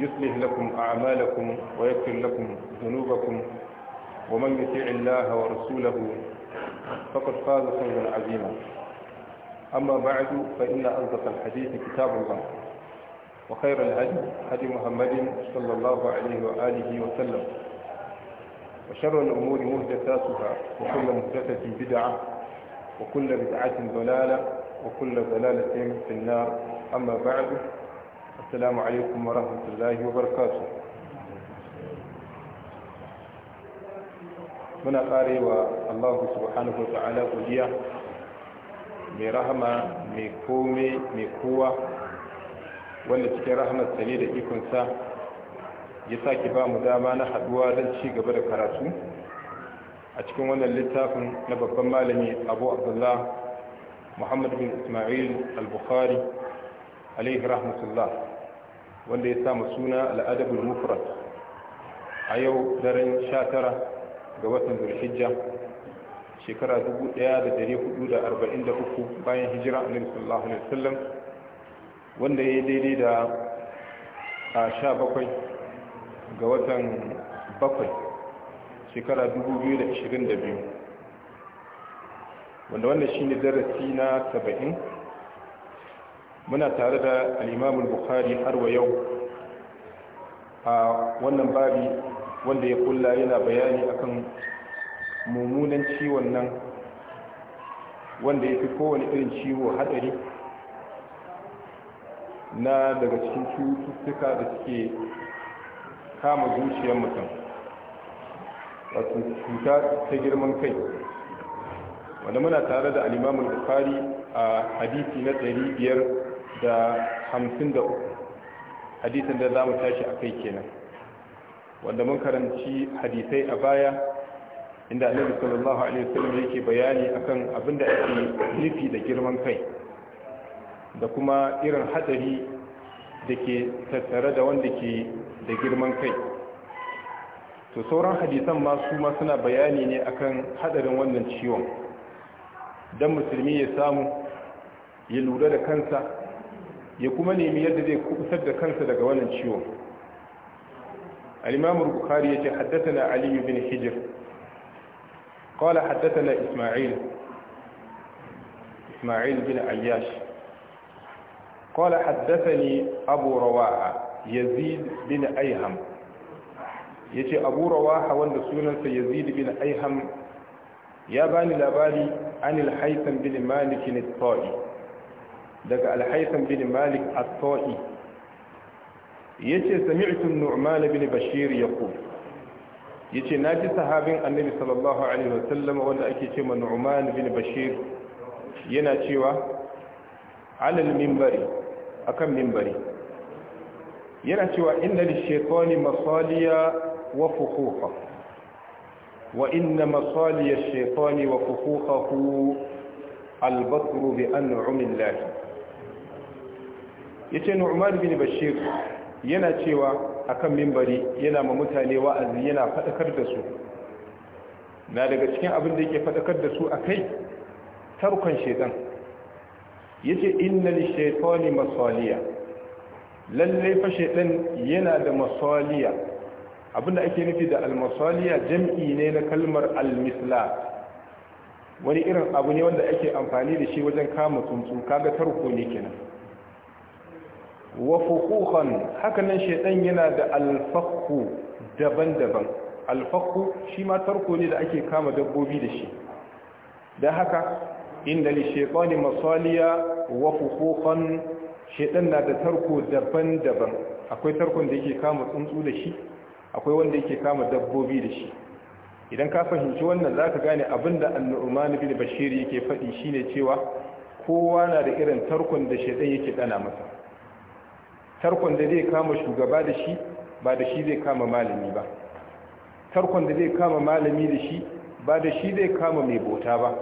يصلح لكم أعمالكم ويغفر لكم ذنوبكم ومن يطع الله ورسوله فقد فاز فوزا عظيما أما بعد فإن أصدق الحديث كتاب الله وخير الهدي هدي محمد صلى الله عليه وآله وسلم وشر الأمور مهدثاتها وكل مهدثة بدعة وكل بدعة ضلالة وكل ضلالة في النار أما بعد assalamu alaikum wa rahmatullahi wa barakatu muna karewa Allah subhanahu wa ta'ala godiya mai rahama mai kome mai kowa wanda cikin rahamarsa ne da ikon ikonsa ya saki ba mu dama na haduwa don ci gaba da karatu a cikin wannan littafin na babban malami abu abdullah muhammad bin ismail al-bukhari rahmatulah. wanda ya samu suna al'adabul mufrad a yau daren 19 ga watan zulhijja shekara 1443 bayan hijira a sallallahu alaihi wanda ya daidai da a 17 ga watan 7 shekara 2022 wanda wannan shine darasi na 70 muna tare da al'imamun bukhari har wa yau a wannan babi wanda ya kula yana bayani akan mummunan ciwon nan wanda ya fi kowane irin ciwo hadari na daga cikin cututtuka da suke kama zuciyar mutum A cuta ta girman kai wanda muna tare da al'imamun bukhari a hadisi na biyar. da hamsin da uku hadisin da za mu tashi a kai kenan wanda mun karanci hadisai a baya inda annabi sallallahu alaihi wasallam yake bayani akan abin da ake nufi da girman kai da kuma irin hadari da ke tattare da wanda ke da girman kai to sauran hadisan ma su ma suna bayani ne akan hadarin wannan ciwon dan musulmi ya samu ya lura da kansa ya kuma nemi yadda zai kusar da kansa daga wannan ciwo al-imam bukhari yace haddathana ali ibn hijr qala haddathana isma'il isma'il bin ayyash qala haddathani abu rawaha yazid bin ayham yace abu rawaha wanda sunansa yazid bin ayham ya bani labari anil haytham bin malik al الطائي daga alhaisan bin malik at-ta'i yace sami'tu nu'man bin bashir yaqul yace naji sahabin annabi sallallahu alaihi wasallam wanda ake cewa nu'man bin bashir yana cewa ala al minbari akan minbari yana cewa inna lishaytani masaliya wa fukuha wa inna masaliya ash-shaytani wa fuhuhahu al-batru bi an'am an'amillah yace Nu'man bin Bashir yana cewa akan mimbari yana ma mutane wa'azi yana fadakar da su na daga cikin abin da yake fadakar da su akai tarkon ce yace innal shaytani masaliya lalle fa shedan yana da masaliya da ake nufi da al jam'i ne na kalmar al wani irin abu ne wanda ake amfani da shi wajen kama tsuntsu kaga tarko ne kenan wa fukuhan hakanan shaidan yana da alfakku daban-daban alfakku shi ma tarko ne da ake kama dabbobi da shi da haka inda li shaitani masaliya wa fukuhan shaidan na da tarko daban-daban akwai tarkon da yake kama tsuntsu da shi akwai wanda yake kama dabbobi da shi idan ka fahimci wannan zaka ka gane abinda annu'man bin bashiri yake faɗi shine cewa kowa na da irin tarkon da shaidan yake dana masa tarkon da zai kama shugaba da shi ba da shi zai kama malami ba tarkon da zai kama malami da shi ba da shi zai kama mai bota ba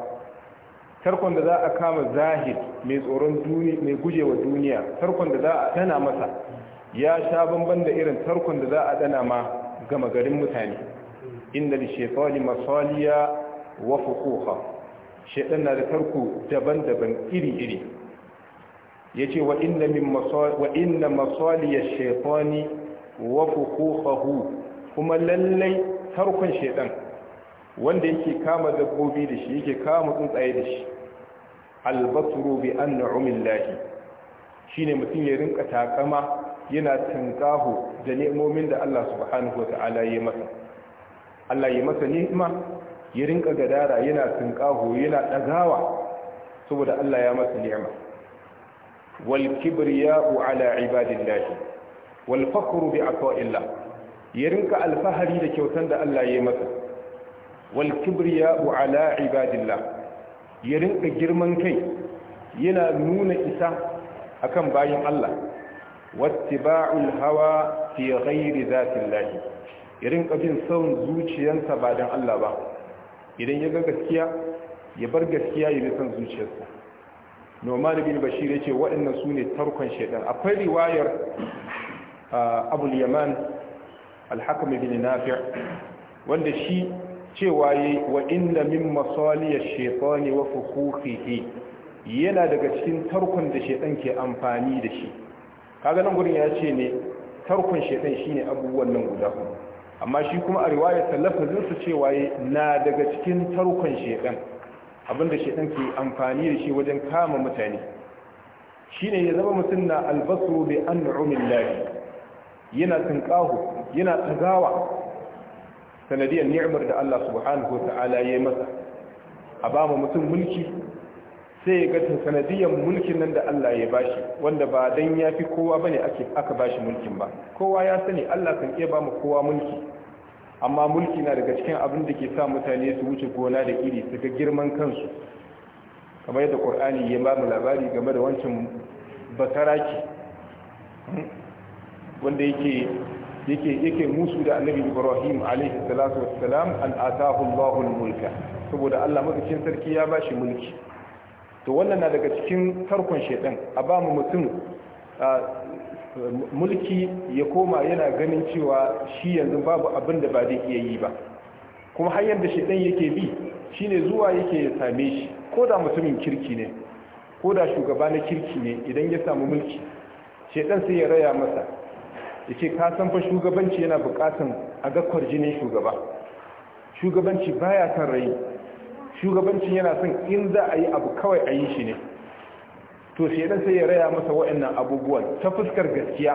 tarkon da za a kama zahid mai tsoron duniya mai gujewa duniya tarkon da za a dana masa ya sha bamban da irin tarkon da za a dana ma gama garin mutane inda li shaytani masaliya wa fuquha shaytan na da tarko daban-daban iri-iri ya wa inna min wa inna masaliya shaytani wa kuma lallai tarkon shaytan wanda yake kama dabbobi da shi yake kama tsuntsaye da shi albatru bi shi shine mutum ya rinka takama yana tankahu da ni'imomin da Allah subhanahu ta'ala ya masa Allah ya masa ni'ima ya rinka gadara yana tankahu yana ɗagawa saboda Allah ya masa ni'ima والكبرياء على عباد الله والفخر بعطاء الله يرنك الفهري لكوتن دا الله يمسا والكبرياء على عباد الله يرنك جرمن كي ينا نون إسا أكم باين الله واتباع الهوى في غير ذات الله يرنك بين سون زوجي ينسى بعد الله با إذن يغا gaskiya ya bar gaskiya ya bi son zuciyarsa nomani bin bashir ya ce waɗannan su ne tarkon shaidan akwai riwayar abul yaman alhakam bin nafi wanda shi cewa yi wa inna min masaliyar shaitani wa fukuhihi yana daga cikin tarkon da shaidan ke amfani da shi kaga nan gurin ya ce ne tarkon shaidan shine abubuwan nan guda amma shi kuma a riwayar lafazin su cewa na daga cikin tarkon shaidan abinda shaitan ke amfani da shi wajen kama mutane shine ya zama mutum na albasu an rumin lahi yana tunkahu yana tsagawa sanadiyar ni'imar da Allah subhanahu wa ta'ala ya yi masa a ba mu mutum mulki sai ya gata sanadiyar mulkin nan da Allah ya bashi wanda ba dan fi kowa ba ne aka bashi mulkin ba kowa ya sani Allah kan iya ba mu kowa mulki amma mulki na daga cikin abin da ke sa mutane su wuce gona da iri su ga girman kansu kamar yadda ƙur'ani ya ba mu labari game da wancan basaraki wanda yake musu da annabi ibrahim alaihi salatu wassalam mulka saboda allah madaukakin sarki ya ba shi mulki to wannan na daga cikin tarkon shedan a ba mu mutum mulki ya koma yana ganin cewa shi yanzu babu abin da ba zai iya yi ba kuma hanyar da shaidan yake bi shine zuwa yake ya same shi ko da mutumin kirki ne ko da shugaba na kirki ne idan ya samu mulki shaidan sai ya raya masa yace ka san fa shugabanci yana bukatan a ga kwarjinin shugaba shugabanci baya son rai shugabanci yana son in za a yi abu kawai a yi shi ne to shedan sai ya raya masa wa'annan abubuwan ta fuskar gaskiya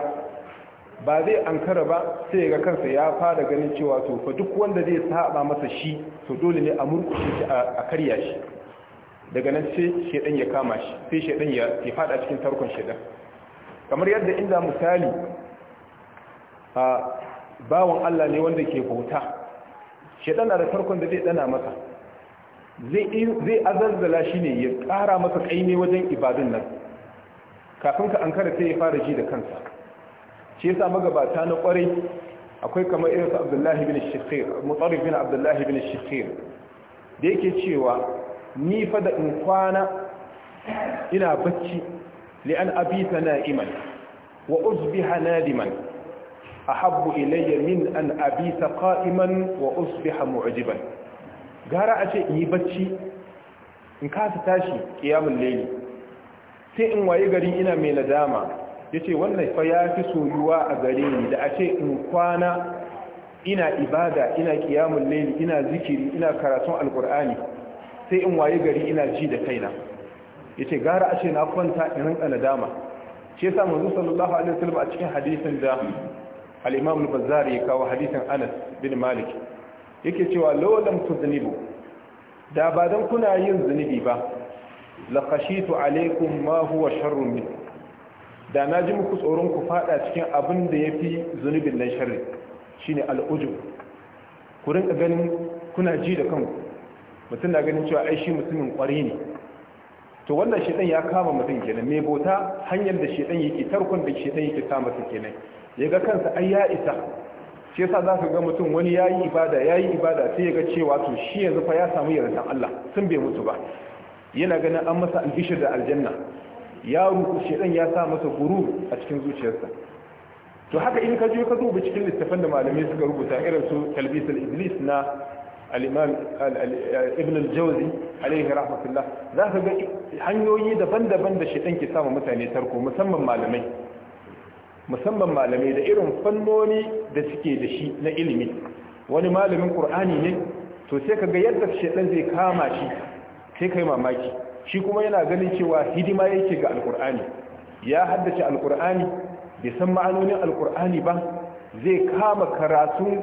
ba zai ankara ba sai ya ga kansa ya fara ganin cewa to fa duk wanda zai saba masa shi to dole ne a murkushe shi a karya shi daga nan sai shedan ya kama shi sai shedan ya ya fada cikin tarkon shedan kamar yadda inda misali a bawon Allah ne wanda ke bauta shedan na da tarkon da zai dana masa zai azazzala shi ne ya ƙara masa ƙaimi wajen ibadun nan kafin ka an sai ya fara ji da kansa shi yasa magabata na ƙwarai akwai kamar irin su abdullahi bin shikhir mutsarif bin abdullahi bin shikhir da yake cewa ni fa da in kwana ina bacci li'an abita na'iman wa usbiha nadiman ahabbu ilayya min an abita qa'iman wa usbiha mu'jiban gara a ce in yi bacci in kasa tashi kiyamun laili sai in waye gari ina mai nadama ya ce wannan fa ya fi soyuwa a gare ni da a ce in kwana ina ibada ina kiyamun leli ina zikiri ina karatun alkur'ani sai in waye gari ina ji da kaina ya ce gara a ce na kwanta in rinka nadama ce yasa manzo sallallahu alaihi wasallam a cikin hadisin da al-imam al-bazzari ya kawo hadisin Anas bin Malik yake cewa ku zunubi." da ba dan kuna yin zunubi ba la khashitu alaikum ma huwa sharrun min da naji muku tsoron ku fada cikin abin da yafi zunubin nan sharri shine al'ujub ku rinka ganin kuna ji da kanku mutum na ganin cewa ai shi mutumin kwari ne to wannan shedan ya kama mutum kenan me bota hanyar da shedan yake tarkon da shedan yake kama mutum kenan yaga kansa ai ya isa shi yasa za ka ga mutum wani ya yi ibada ya yi ibada sai ya ga cewa to shi yanzu fa ya samu yardan Allah sun bai mutu ba yana ganin an masa albishir da aljanna ya ruku shedan ya sa masa guru a cikin zuciyarsa to haka in ka je ka duba cikin littafan da malamai suka rubuta irin su talbis al-iblis na al-imam eh, ibn al-jawzi alayhi rahmatullah za ka ga hanyoyi daban-daban da shedan ke samu mutane tarko musamman malamai musamman malamai da irin fannoni da suke da shi na ilimi wani malamin qur'ani ne to sai kaga yadda shaɗan zai kama shi sai kai mamaki shi kuma yana ganin cewa hidima yake ga alqur'ani ya haddace alqur'ani bai san ma'anonin alqur'ani ba zai kama karatun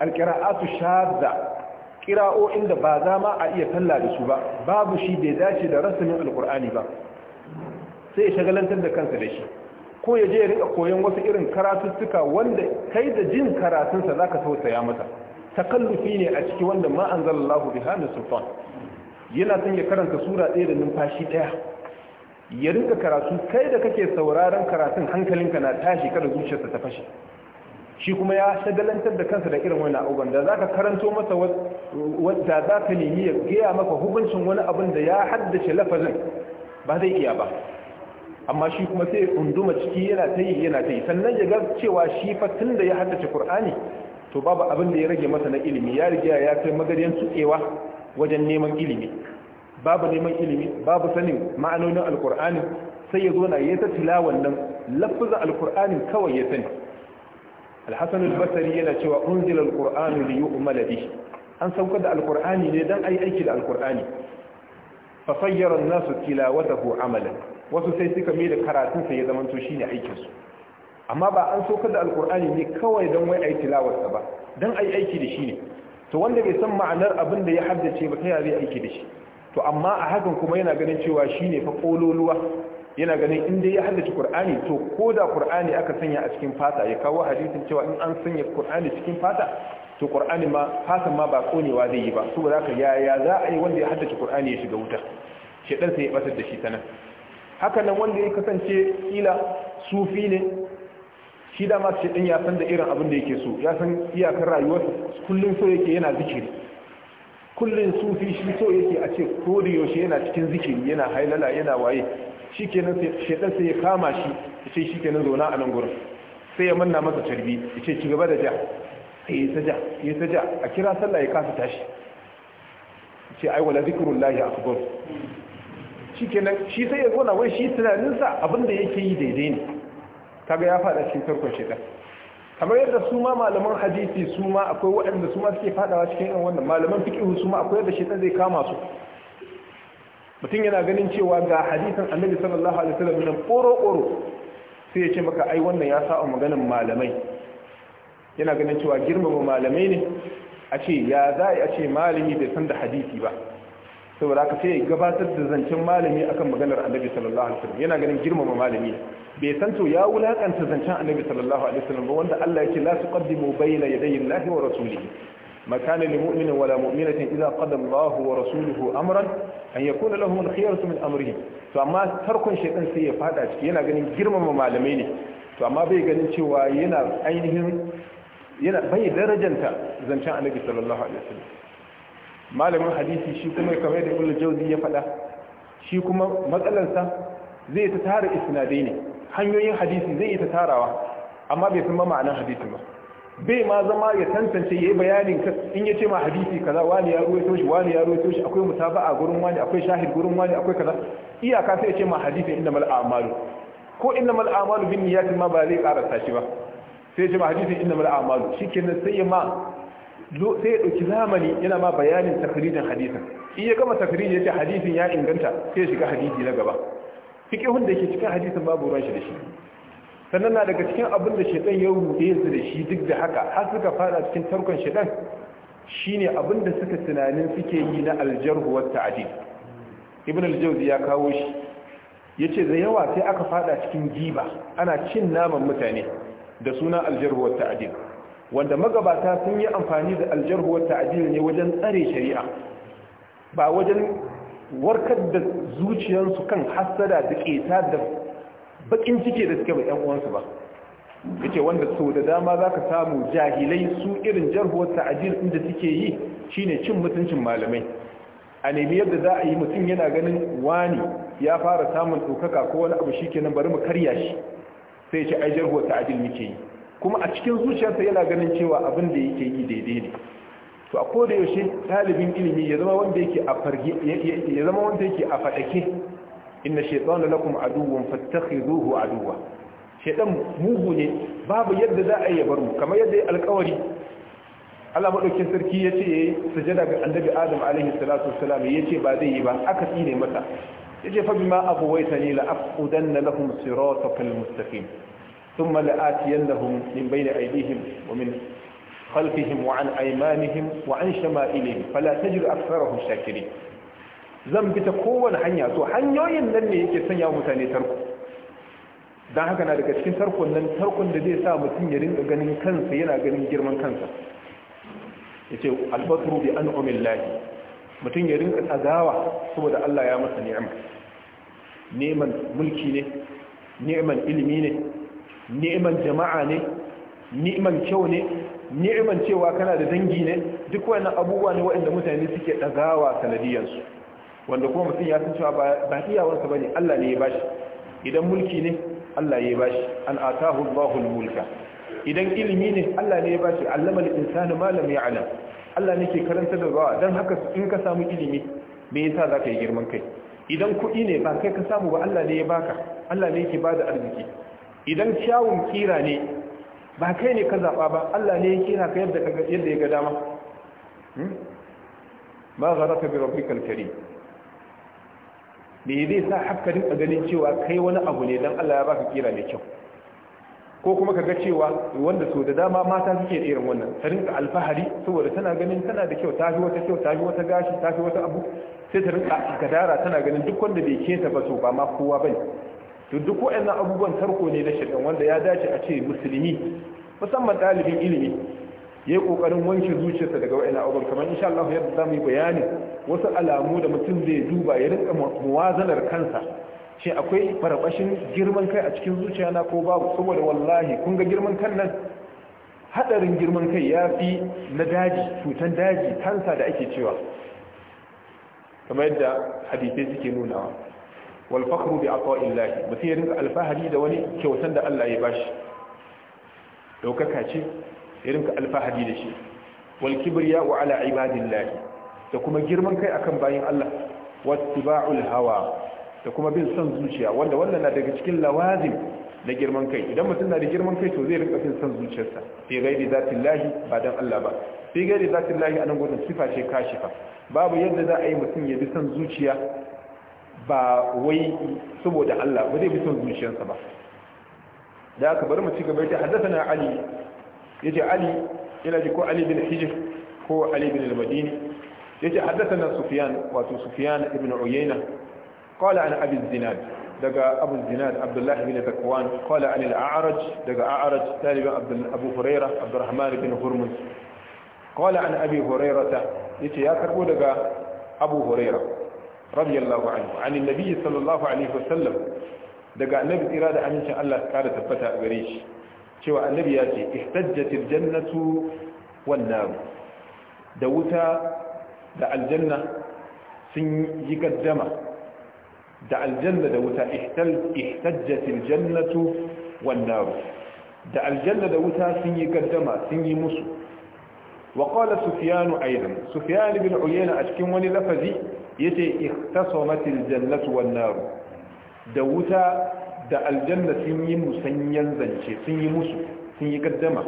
alqira'atu shadda kira'o'in da ba za ma a iya talla da su ba babu shi bai dace da rasamin alqur'ani ba sai ya shagalantar da kansa da shi ko ya je ya rika koyon wasu irin karatuttuka wanda kai da jin karatunsa za ka tausaya masa takallufi ne a ciki wanda ma'an zallallahu biha na sultan yana son ya karanta sura ɗaya da numfashi ɗaya ya rika karatu kai da kake sauraron karatun hankalinka na tashi kada zuciyarsa ta fashe shi kuma ya shagalantar da kansa da irin wani abubuwan da za ka karanto masa wadda za ka nemi ya gaya maka hukuncin wani abin da ya haddace lafazin ba zai iya ba amma shi kuma sai unduma ciki yana ta yi yana ta yi sannan ya ga cewa shi fa tun da ya haddace qur'ani to babu abin da ya rage masa na ilimi ya riga ya kai magaryan tsukewa wajen neman ilimi babu neman ilimi babu sanin ma'anonin alqur'ani sai ya zo na yi ta tilawan nan lafzin alqur'ani kawai ya sani alhassan basari yana cewa unzila alqur'anu li yu'mala bihi an saukar da alqur'ani ne dan yi aiki da alqur'ani fa sayyara an-nasu tilawatahu amalan wasu sai suka mai da karatun sai ya zamanto shine aikin su amma ba an so kada alkur'ani ne kawai don wai a yi tilawarsa ba don yi aiki da shi ne to wanda bai san ma'anar abin da ya haddace ba ta zai aiki da shi to amma a hakan kuma yana ganin cewa shi ne fa kololuwa yana ganin in dai ya haddace qur'ani to ko da qur'ani aka sanya a cikin fata ya kawo hadisin cewa in an sanya qur'ani cikin fata to qur'ani ma fatan ma ba ƙonewa zai yi ba saboda haka yaya za a yi wanda ya haddace qur'ani ya shiga wuta shedan sai ya batar da shi ta nan haka nan wanda ya kasance kila sufi ne shi da masu shaɗin ya san da irin abin da yake so ya san iyakar rayuwar kullum so yake yana zikiri kullum sufi shi so yake a ce ko da yaushe yana cikin zikiri yana hailala yana waye shi kenan shaɗin sai ya kama shi ya ce shi kenan zauna a nan gurin sai ya manna masa carbi ya ce ci gaba da ja sai ya saja ya saja a kira sallah ya kasa tashi ce ai wala zikrullahi akbar shi nan shi sai ya gona wai shi tunaninsa abinda yake yi daidai ne Ta ga ya fada cikin tarkon kamar yadda su ma malaman hadisi su ma akwai waɗanda su ma suke fadawa cikin yan wannan malaman fiqh su ma akwai yadda shaitan zai kama su mutum yana ganin cewa ga hadisin annabi sallallahu alaihi wasallam nan koro-koro sai ya ce maka ai wannan ya sa'a maganin malamai yana ganin cewa girmama malamai ne a ce ya za a ce malami bai san da hadisi ba saboda haka sai gabatar da zancen malami akan maganar annabi sallallahu alaihi wasallam yana ganin girmama malami bai san to ya wulakanta zancen annabi sallallahu alaihi wasallam ba wanda Allah yake la tuqaddimu bayna yadayi Allahi wa rasulihi ما كان لمؤمن ولا مؤمنة إذا قدم الله ورسوله أمرا أن يكون لهم الخيرة من أمرهم فما ترك شيئا سيفادا yana ganin girmama malamai ne to amma bai ganin cewa yana ainihin yana bai darajanta zancen annabi sallallahu alaihi wasallam malamin hadisi shi kuma kamar da ibn jawzi ya faɗa shi kuma matsalarsa zai ta tara isnadai ne hanyoyin hadisi zai ta tarawa amma bai san ma'anar hadisi ba bai ma zama ya tantance yayi bayanin in ya ce ma hadisi kaza wani ya ruwaito shi wani ya ruwaito shi akwai mutaba'a gurin wani akwai shahid gurin wani akwai kaza iyaka sai ya ce ma hadisi inda mal a'malu ko inna mal a'malu bin niyyati ma ba zai karanta shi ba sai ya ce ma hadisi inda mal a'malu shikenan sai ya ma sai ya ɗauki zamani yana ma bayanin takrijin hadisin in ya gama ya ce hadisin ya inganta sai ya shiga hadisi na gaba fiqhun da ke cikin hadisin babu ruwan shi da shi sannan na daga cikin abin da shaitan ya rude su da shi duk da haka har suka fada cikin tarkon shaitan shine abin da suka tunanin suke yi na aljarhu wa ta'dil ibn al-jawzi ya kawo shi yace da yawa sai aka fada cikin giba ana cin naman mutane da suna aljarhu wa ta'dil wanda magabata sun yi amfani da aljarhu wa ne wajen tsare shari'a ba wajen warkar da zuciyarsu kan hasada da keta da bakin cike da suke ba ɗan uwansu ba yace wanda so da dama zaka samu jahilai su irin jarhu wa ta'dil inda suke yi shine cin mutuncin malamai a nemi yadda za a yi mutum yana ganin wani ya fara samun ɗaukaka ko wani abu shi kenan bari mu karya shi sai ce ai jarhu wa muke yi kuma a cikin zuciyarsa yana ganin cewa abin da yake yi daidai ne to a koda yaushe talibin ilimi ya zama wanda yake a farge ya zama wanda yake a fadake inna shaytana lakum aduwwan fattakhiduhu aduwwa shaytan mugu ne babu yadda za a yi ya bar mu kamar yadda ya alƙawari Allah madaukin sarki ya ce sujada ga annabi Adam alaihi salatu wassalam ya ce ba zai yi ba aka tsine masa ya ce fa bima abuwaitani la aqudanna lahum siratal mustaqim ثم لآتينهم من بين أيديهم ومن خلفهم وعن أيمانهم وعن شمائلهم فلا تجد أكثرهم شاكرين zan bi ta kowane hanya to hanyoyin nan ne yake sanya mutane tarko don haka na daga cikin tarkon nan tarkon da zai sa mutum ya rinka ganin kansa yana ganin girman kansa ya ce albatru bi an umillahi mutum ya rinka tsagawa saboda Allah ya masa ni'ima neman mulki ne neman ilimi ne ni'iman jama'a ne ni'iman kyau ne ni'iman cewa kana da dangi ne duk wannan abubuwa ne waɗanda mutane suke ɗagawa sanadiyarsu wanda kuma mutum ya san cewa ba iyawarsa ba ne Allah ne ya bashi idan mulki ne Allah ya bashi an atahu allahul mulka idan ilimi ne Allah ne ya bashi allama al ma lam ya'lam Allah ne ke karanta da rawa dan haka in ka samu ilimi me yasa zaka yi girman kai idan kuɗi ne ba kai ka samu ba Allah ne ya baka Allah ne yake bada arziki idan kyawun kira ne ba kai ne ka zaɓa ba Allah ne ya kira ka yadda ya ga dama hmm? ma gharaka bi rabbikal kari me zai sa hakkarin a ganin cewa kai wani abu ne dan Allah ya baka kira mai kyau ko kuma ka ga cewa wanda so da dama mata suke irin wannan tarin ka alfahari saboda tana ganin tana da kyau ta fi wata kyau ta fi wata gashi ta fi wata abu sai tarin ka gadara tana ganin duk wanda bai keta ba so ba ma kowa bane to duk waɗannan abubuwan tarko ne na shirin wanda ya dace a ce musulmi musamman ɗalibin ilimi ya yi ƙoƙarin wanke zuciyarsa daga waɗannan abubuwan kamar insha Allah yadda za mu yi bayani wasu alamu da mutum zai duba ya rinka muwazanar kansa shi akwai farabashin girman kai a cikin zuciya na ko babu saboda wallahi kun ga girman kan nan hadarin girman kai ya fi na daji cutan daji kansa da ake cewa kamar yadda hadisai suke nunawa wal fakhru bi ata'illahi mutum ya rinka alfahari da wani kyautan da Allah ya bashi daukaka ce ya rinka alfahari da shi wal kibriya wa ala ibadillahi da kuma girman kai akan bayin Allah wattiba'ul hawa da kuma bin son zuciya wanda wannan na daga cikin lawazim na girman kai idan mutum na da girman kai to zai rinka bin son zuciyarsa fi gairi zatin ba dan Allah ba fi gairi zatin anan gudun sifa ce kashifa babu yadda za a yi mutum ya bi son zuciya ba wai saboda Allah ba zai bi son zuciyarsa ba da aka bari mu ci gaba da haddathana ali yace ali ina ji ko ali bin hijr ko ali bin al-madini yace haddathana sufyan wato sufyan ibn uyayna qala an abi zinad daga abu zinad abdullah bin zakwan qala an al-a'raj daga a'raj taliban abdul abu hurayra abdurrahman bin hurmuz qala an abi hurairata yace ya karbo daga abu hurairah radiyallahu anhu an annabi sallallahu alaihi wasallam daga annabi tsira da amincin Allah ta kara tabbata a gare shi cewa annabi ya ce ihtajjatil jannatu wan nar da wuta da aljanna sun yi gaddama da aljanna da wuta ihtajjatil jannatu wan nar da aljanna da wuta sun yi gaddama sun yi musu wa qala sufyan aidan sufyan ibn uyayna a cikin wani lafazi yace ikhtasomatil jannatu wan nar da wuta da aljanna sun yi musanyan zance sun yi musu sun yi kaddama.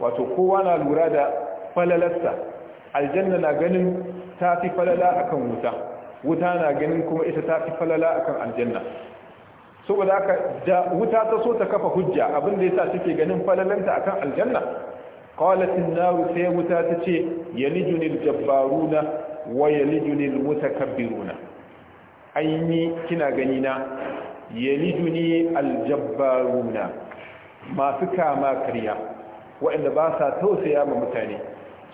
wato kowa na lura da falalarsa aljanna na ganin ta fi falala akan wuta wuta na ganin kuma ita ta fi falala akan aljanna saboda haka da wuta ta so ta kafa hujja abin da yasa take ganin falalanta akan aljanna qalat an-nar sai wuta tace yalijunil jabbaruna wa yaliju mutakabbiruna ayni kina gani na yalijuni aljabbaruna masu kama karya waɗanda ba sa tausaya ma mutane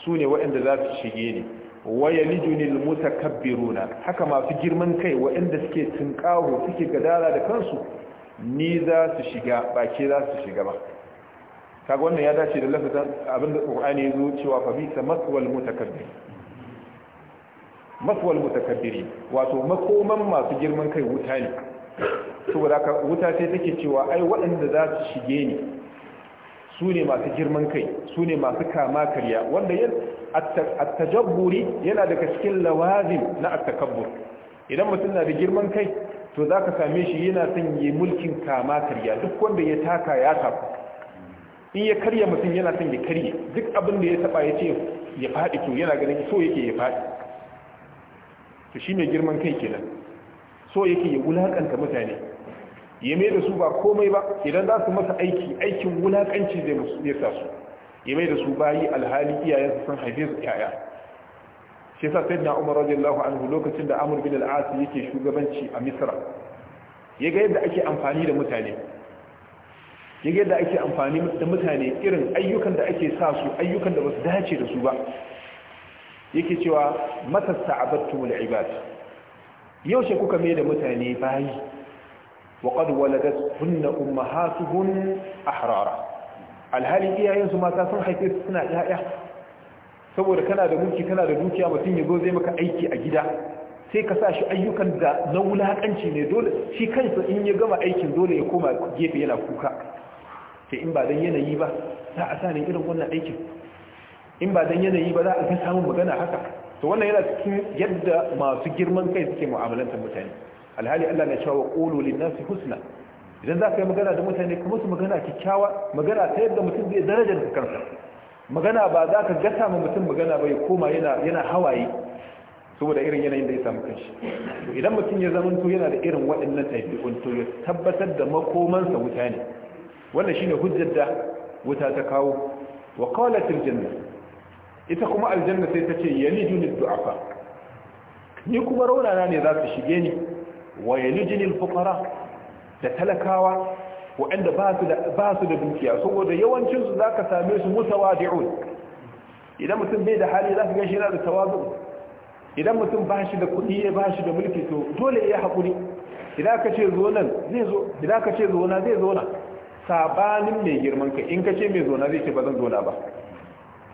Sune ne waɗanda za su shige ni waya mutakabbiruna haka masu girman kai waɗanda suke tunƙaho suke gadara da kansu ni za su shiga ba ke za su shiga ba kaga wannan ya dace da lafazin abinda qur'ani ya zo cewa fa bi wal mutakabbir mafwal mutakabbiri wato makoman masu girman kai wuta ne saboda ka wuta sai take cewa ai waɗanda za su shige ni su ne masu girman kai su ne masu kama karya wanda yin attajabburi yana daga cikin lawazim na attakabbur idan mutum na da girman kai to za ka same shi yana son yi mulkin kama karya duk wanda ya taka ya tafi in ya karya mutum yana son ya karye duk abin da ya taba ya ce ya faɗi to yana ganin so yake ya faɗi to shi mai girman kai kenan so yake ya wulakanta mutane ya mai da su ba komai ba idan za su masa aiki aikin wulakanci zai musu ya sa su ya mai da su bayi alhali su san haife su yaya shi sai na Umar an hu lokacin da amur bin al yake shugabanci a Misra ya ga yadda ake amfani da mutane ya ga yadda ake amfani da mutane irin ayyukan da ake sa su ayyukan da ba su dace da su ba yake cewa mata wal ibad yaushe kuka mai da mutane bayi wa qad waladat hunna ummahatuhun ahrara alhali iyayensu mata sun haife su suna yaya saboda kana da mulki kana da dukiya mutum ya zo zai maka aiki a gida sai ka sa shi ayyukan da na wulakanci ne dole shi kansa in ya gama aikin dole ya koma gefe yana kuka sai in ba dan yanayi ba za a sa ne irin wannan aikin in ba dan yanayi ba za a fi samun magana haka to wannan yana cikin yadda masu girman kai suke mu'amalantar mutane alhali Allah na cewa qulu lin-nasi husna idan za ka yi magana da mutane kuma su magana kyakkyawa magana ta yadda mutum zai daraja da kansa magana ba za ka gasa ma mutum magana ba ya koma yana hawaye saboda irin yanayin da ya samu kanshi to idan mutum ya zama to yana da irin waɗannan ɗabi'un to ya tabbatar da makomansa wuta ne wannan shine hujjar da wuta ta kawo wa qalatil jannah ita kuma aljanna sai ta ce yalijuni du'afa ni kuma raunana ne za su shige ni wa yalijuni alfuqara da talakawa waɗanda ba su da dukiya saboda yawancin su zaka same su mutawadi'un idan mutum bai da hali zaka ga yana da tawazu idan mutum ba shi da kuɗi ya ba shi da mulki to dole ya haƙuri idan ka ce zo nan zai zo idan ka ce zo na zai zo na sabanin mai girman ka in ka ce mai zo na zai ce ba zan zo na ba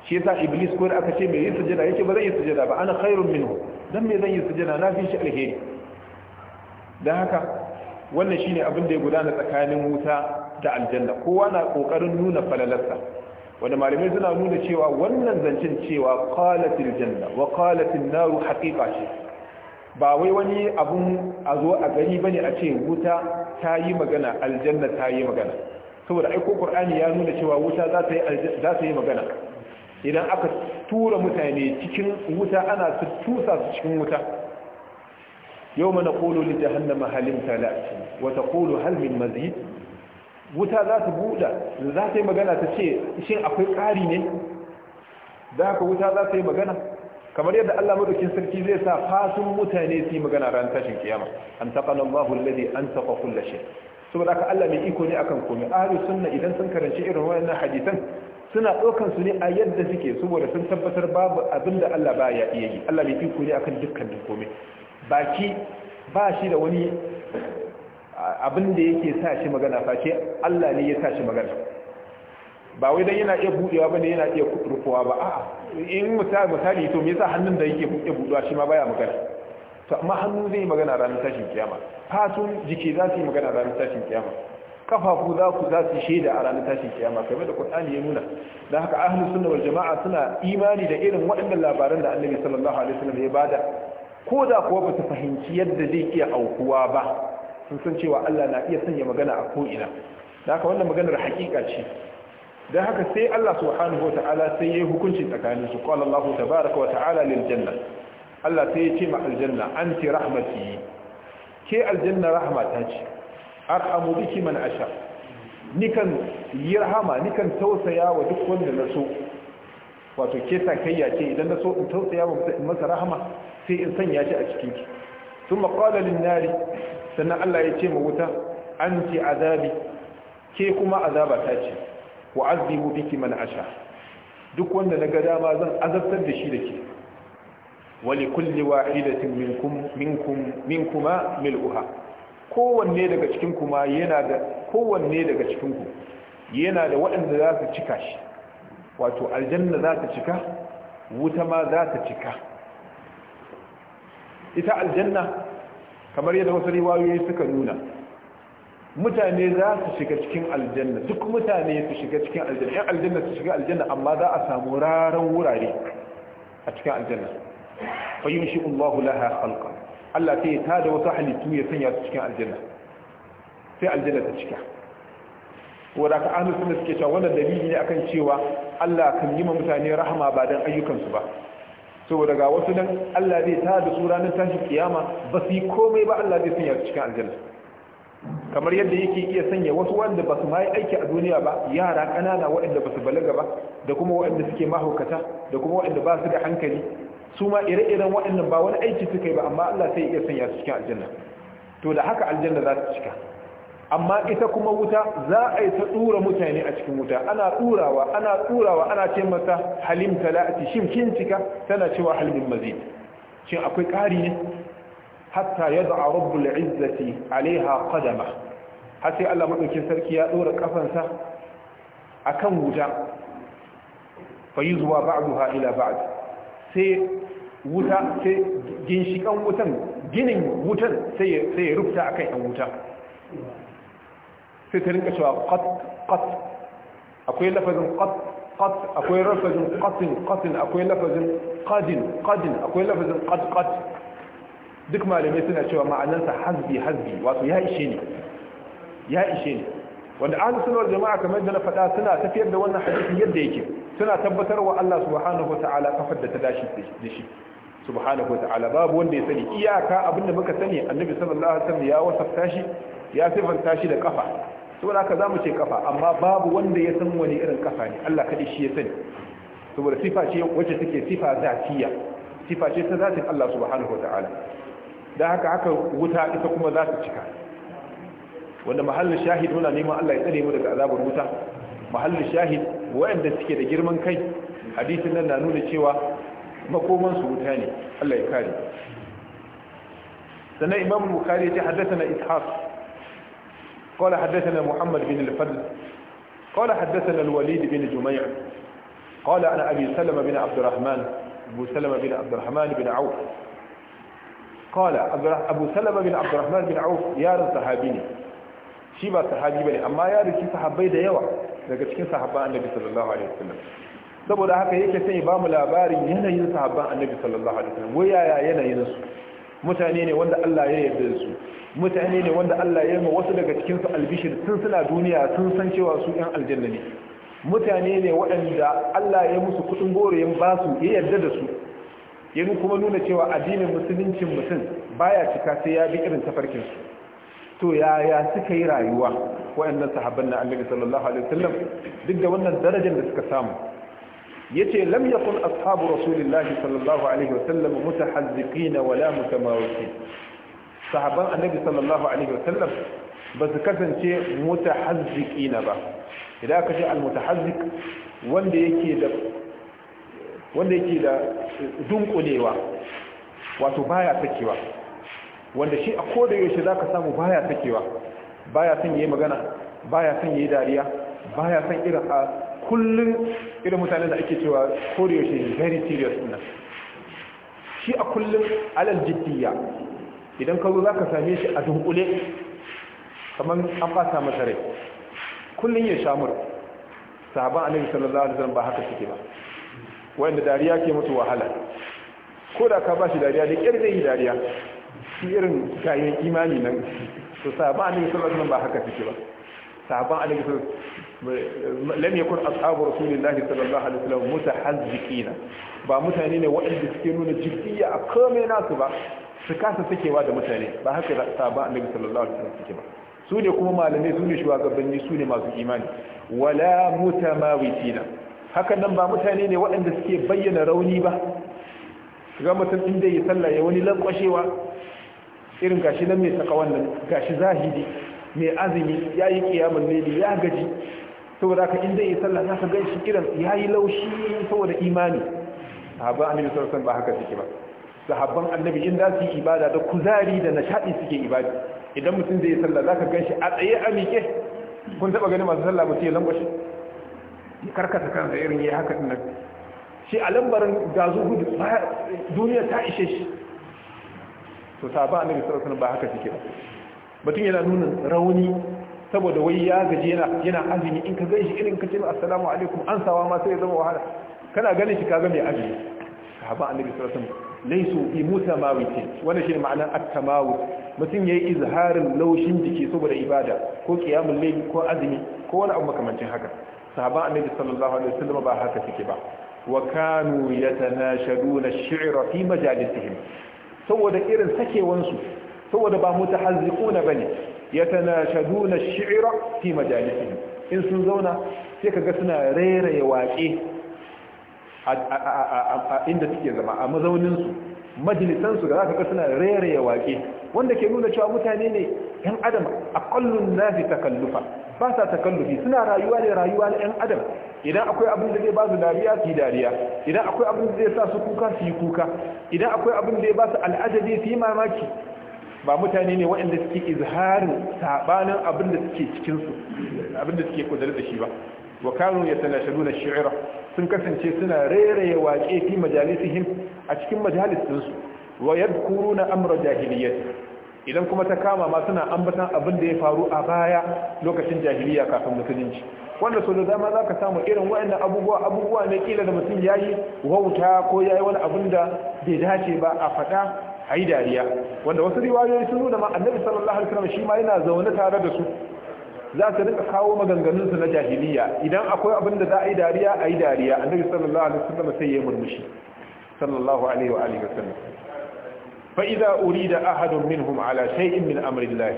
shi yasa iblis ko da aka ce mai yi sujada yake ba zai yi sujada ba ana khairun minhu dan me zan yi sujada na fi shi alheri dan haka wannan shine abin da ya gudana tsakanin wuta da aljanna kowa na kokarin nuna falalarsa wanda malamai suna nuna cewa wannan zancen cewa qalatil janna wa naru haqiqa shi ba wai wani abun a zo a gani bane a ce wuta ta yi magana aljanna ta yi magana saboda aiko qur'ani ya nuna cewa wuta za ta yi magana idan aka tura mutane cikin wuta ana su tusa su cikin wuta yau mana kolo li jahannama halin talati wata kolo halmin mazid wuta za su buɗa za ta yi magana ta ce shin akwai ƙari ne da haka wuta za ta yi magana kamar yadda Allah maɗaukin sarki zai sa fasun mutane su yi magana ran tashin kiyama an taqala Allahu alladhi an taɓa kullashe saboda aka Allah mai iko ne akan komi ahli sunna idan sun karanci irin wayannan hadisan suna ɗaukan su ne a yadda suke saboda sun tabbatar babu abin da Allah ba ya iya yi Allah mai iko ne akan dukkan komai baki ba shi da wani abin da yake sa shi magana face Allah ne ya sa shi magana ba wai dan yana iya budewa bane yana iya rufowa ba a'a in misali misali to me yasa hannun da yake buɗe buɗewa shi ma baya magana to amma hannu zai magana ranar tashin kiyama fasun jiki za su yi magana ranar tashin kiyama kafafu za ku za su shaida a ranar tashin kiyama kamar da Qur'ani ya nuna da haka ahlus sunna wal jama'a suna imani da irin waɗannan labaran da Annabi sallallahu alaihi wasallam ya bada ko da kuwa ba ta fahimci yadda zai iya aukuwa ba sun san cewa Allah na iya sanya magana a ko ina dan haka wannan maganar hakika ce dan haka sai Allah subhanahu wa sai yayi hukunci tsakanin su qala Allah tabaaraka wa ta'ala lil janna Allah sai ya ce ma aljanna anti rahmati ke aljanna rahmata ce arhamu biki man asha nikan yi rahama nikan tausaya wa duk wanda na so wato ke sa kayya ce idan na so in tausaya wa masa rahama sai in sanya shi a cikin ki thumma qala lin nari sannan Allah ya ce ma wuta anti azabi ke kuma azaba ta ce wa azibu biki man asha duk wanda na ga dama zan azabtar da shi da ke wali kulli wahidatin minkum minkum minkuma mil'uha kowanne daga cikin kuma yana da kowanne daga cikin ku yana da waɗanda za su cika shi wato aljanna za ta cika wuta ma za ta cika ita aljanna kamar yadda wasu riwayoyi suka nuna mutane za su shiga cikin aljanna duk mutane su shiga cikin aljanna yan aljanna su shiga aljanna amma za a samu raran wurare a cikin aljanna fayyun shi Allahu laha halka Allah sai ya tada wasu halittu ya sanya su cikin aljanna sai aljanna ta cika wadda ka ahlus sunna suke cewa wannan dalili ne akan cewa Allah kan yi ma mutane rahama ba dan ayyukan su ba saboda ga wasu nan Allah zai tada su ranar tashi kiyama ba su yi komai ba Allah zai sanya su cikin aljanna kamar yadda yake iya sanya wasu wanda ba su ma aiki a duniya ba yara kanana waɗanda ba su balaga ba da kuma waɗanda suke mahaukata da kuma waɗanda ba su da hankali su ma ire-iren waɗannan ba wani aiki suka yi ba amma Allah sai iya sanya su cikin aljanna to da haka aljanna za ta cika amma ita kuma wuta za a yi ta tsura mutane a cikin wuta ana tsurawa ana tsurawa ana ce masa halim talati shin kin cika tana cewa halmin mazid shin akwai ƙari ne hatta yadda rabbul izzati alaiha qadama har sai Allah madaukin sarki ya dora kafansa akan wuta fa yuzwa ba'daha ila ba'd sai wuta sai ginshikan wutan ginin wutan sai ya rubuta akan a wuta sai ta rinka cewa qat qat akwai lafazin qat qat akwai lafazin qatin qatin akwai lafazin qadin qadin akwai lafazin qad qad duk malamai suna cewa ma'anarsa hasbi hasbi wato ya ishe ne ya ishe ne wanda ahlus sunna wal jama'a kamar da na faɗa suna tafiyar da wannan hadisi yadda yake suna tabbatar wa Allah subhanahu wataala kafar da ta dashi da shi subhanahu wataala babu wanda ya sani iyaka abin da muka sani annabi sallallahu alaihi wasallam ya wasafta shi ya sifanta shi da kafa saboda haka zamu ce kafa amma babu wanda ya san wani irin kafa ne Allah kadai shi ya sani saboda sifa ce wacce take sifa zatiya sifa ce ta zatin Allah subhanahu wataala dan haka haka wuta ita kuma za ta cika wanda mahallin shahid muna neman Allah ya tsare mu daga azabar wuta mahallin shahid wanda suke da girman kai hadisin nan na nuna cewa makoman su wuta ne Allah ya kare sannan imam bukhari ya ce haddathana ishaq qala haddathana muhammad bin al-fadl qala haddathana al-walid bin jumay' قال عن أبي سلمة بن عبد الرحمن أبو سلمة بن عبد الرحمن بن عوف قال أبو سلمة بن عبد الرحمن بن عوف يا صحابيني shi ba sahabi bane amma ya riki sahabbai da yawa daga cikin sahabban annabi sallallahu alaihi wasallam saboda haka yake sai ba mu labarin yanayin sahabban annabi sallallahu alaihi wasallam wayaya yanayin su mutane ne wanda Allah ya yarda su mutane ne wanda Allah ya yi wasu daga cikin su albishir sun suna duniya sun san cewa su yan aljanna ne mutane ne waɗanda Allah ya musu kudin gorayen ba su ya yarda da su yin kuma nuna cewa addinin musuluncin mutum baya cika sai ya bi irin tafarkin su to yaya suka yi rayuwa wayannan sahabban na annabi sallallahu alaihi wasallam duk da wannan darajar da suka samu yace lam yakun ashabu rasulillahi sallallahu alaihi wasallam mutahazziqin wala mutamawisin sahabban annabi sallallahu alaihi wasallam ba su kasance mutahazziqina ba idan aka ce almutahazziq wanda yake da wanda yake da dunkulewa wato baya sakewa wanda shi a koda yaushe ka samu baya sakewa baya son yi magana baya son yi dariya baya son irin a kullum irin mutanen da ake cewa koda yaushe very serious din shi a kullum alal jiddiya idan ka zo ka same shi a dunkule kamar an fasa masa rai kullum ya shamur sahaban annabi sallallahu alaihi wasallam ba haka suke ba wanda dariya ke mutu wahala ko da ka ba shi dariya da kyar zai yi dariya shi irin kayan imani nan to sahaban a sallallahu alaihi ba haka suke ba sahaban a sallallahu lam yakun ashabu rasulillahi sallallahu alaihi wasallam mutahazzikina ba mutane ne waɗanda suke nuna jiddiya a komai nasu ba su kasa sakewa da mutane ba haka da sahaban annabi sallallahu alaihi wasallam suke ba su ne kuma malamai su ne shugabanni su ne masu imani wala mutamawitina hakan nan ba mutane ne waɗanda suke bayyana rauni ba ga mutum inda ya sallah ya wani lankwashewa irin gashi nan mai saka wannan gashi zahidi mai azumi ya yi kiyamun laili ya gaji saboda ka inda yi sallah za ka gan shi kiran ya yi laushi saboda imani sahabban annabi sallallahu alaihi ba haka suke ba sahabban annabi in su yi ibada da kuzari da nishadi suke ibada idan mutum zai yi sallah za ka gan shi a tsaye a miƙe kun taɓa gani masu sallah mutum ya lambashi ya karkata kansa irin ya haka ɗin shi a lambarin gazu gudu duniya ta ishe shi to annabi sallallahu alaihi ba haka ba mutum yana nuna rauni saboda wai ya gaji yana yana azumi in ka gan shi irin ka ce assalamu alaikum an sawa ma sai ya zama wahala kana ganin shi kaga ga mai azumi sahaba annabi sallallahu alaihi wasallam laisu bi wannan shine ma'anar at-tamawut mutum yayi izharin laushin jiki saboda ibada ko qiyamul layl ko azumi ko wani abu makamancin haka sahaban annabi sallallahu alaihi wasallam ba haka suke ba wa kanu yatanashaduna ash-shi'ra fi majalisihim saboda irin sakewansu saboda ba mu mutahazziquna bane yatanashaduna ash-shi'ra fi majalisihim in sun zauna sai kaga suna rairaye waƙe a inda suke zama a mazauninsu majalisansu ga za ka suna ya waƙe wanda ke nuna cewa mutane ne ‘yan adam a ƙallon nazi takallufa ba sa takallufi suna rayuwa ne rayuwa na ‘yan adam idan akwai abin da zai ba su dariya su yi dariya idan akwai abin da zai sa su kuka su yi kuka idan akwai abin da zai ba su al'ajabi su yi mamaki ba mutane ne waɗanda suke izharin sabanin abin da suke cikinsu abin da suke kudar da shi ba wa kanu yatanashaduna ash-shi'ra sun kasance suna reraye waƙe fi majalisihim a cikin majalisinsu wa yadkuruna amra jahiliyar idan kuma ta kama ma suna ambatan abin da ya faru a baya lokacin jahiliya kafin musulunci wanda so da dama za samu irin wa'annan abubuwa abubuwa ne kila da mutum ya yi wauta ko ya yi wani abin da bai dace ba a faɗa a yi dariya wanda wasu riwayoyi sun nuna ma annabi sallallahu alaihi wasallam shi ma yana zaune tare da su za su rika kawo maganganunsu na jahiliya idan akwai abin da za a yi dariya a yi dariya annabi sallallahu alaihi wasallam sai ya murmushi sallallahu alaihi wa alihi wasallam fa idza urida ahadun minhum ala shay'in min amri allah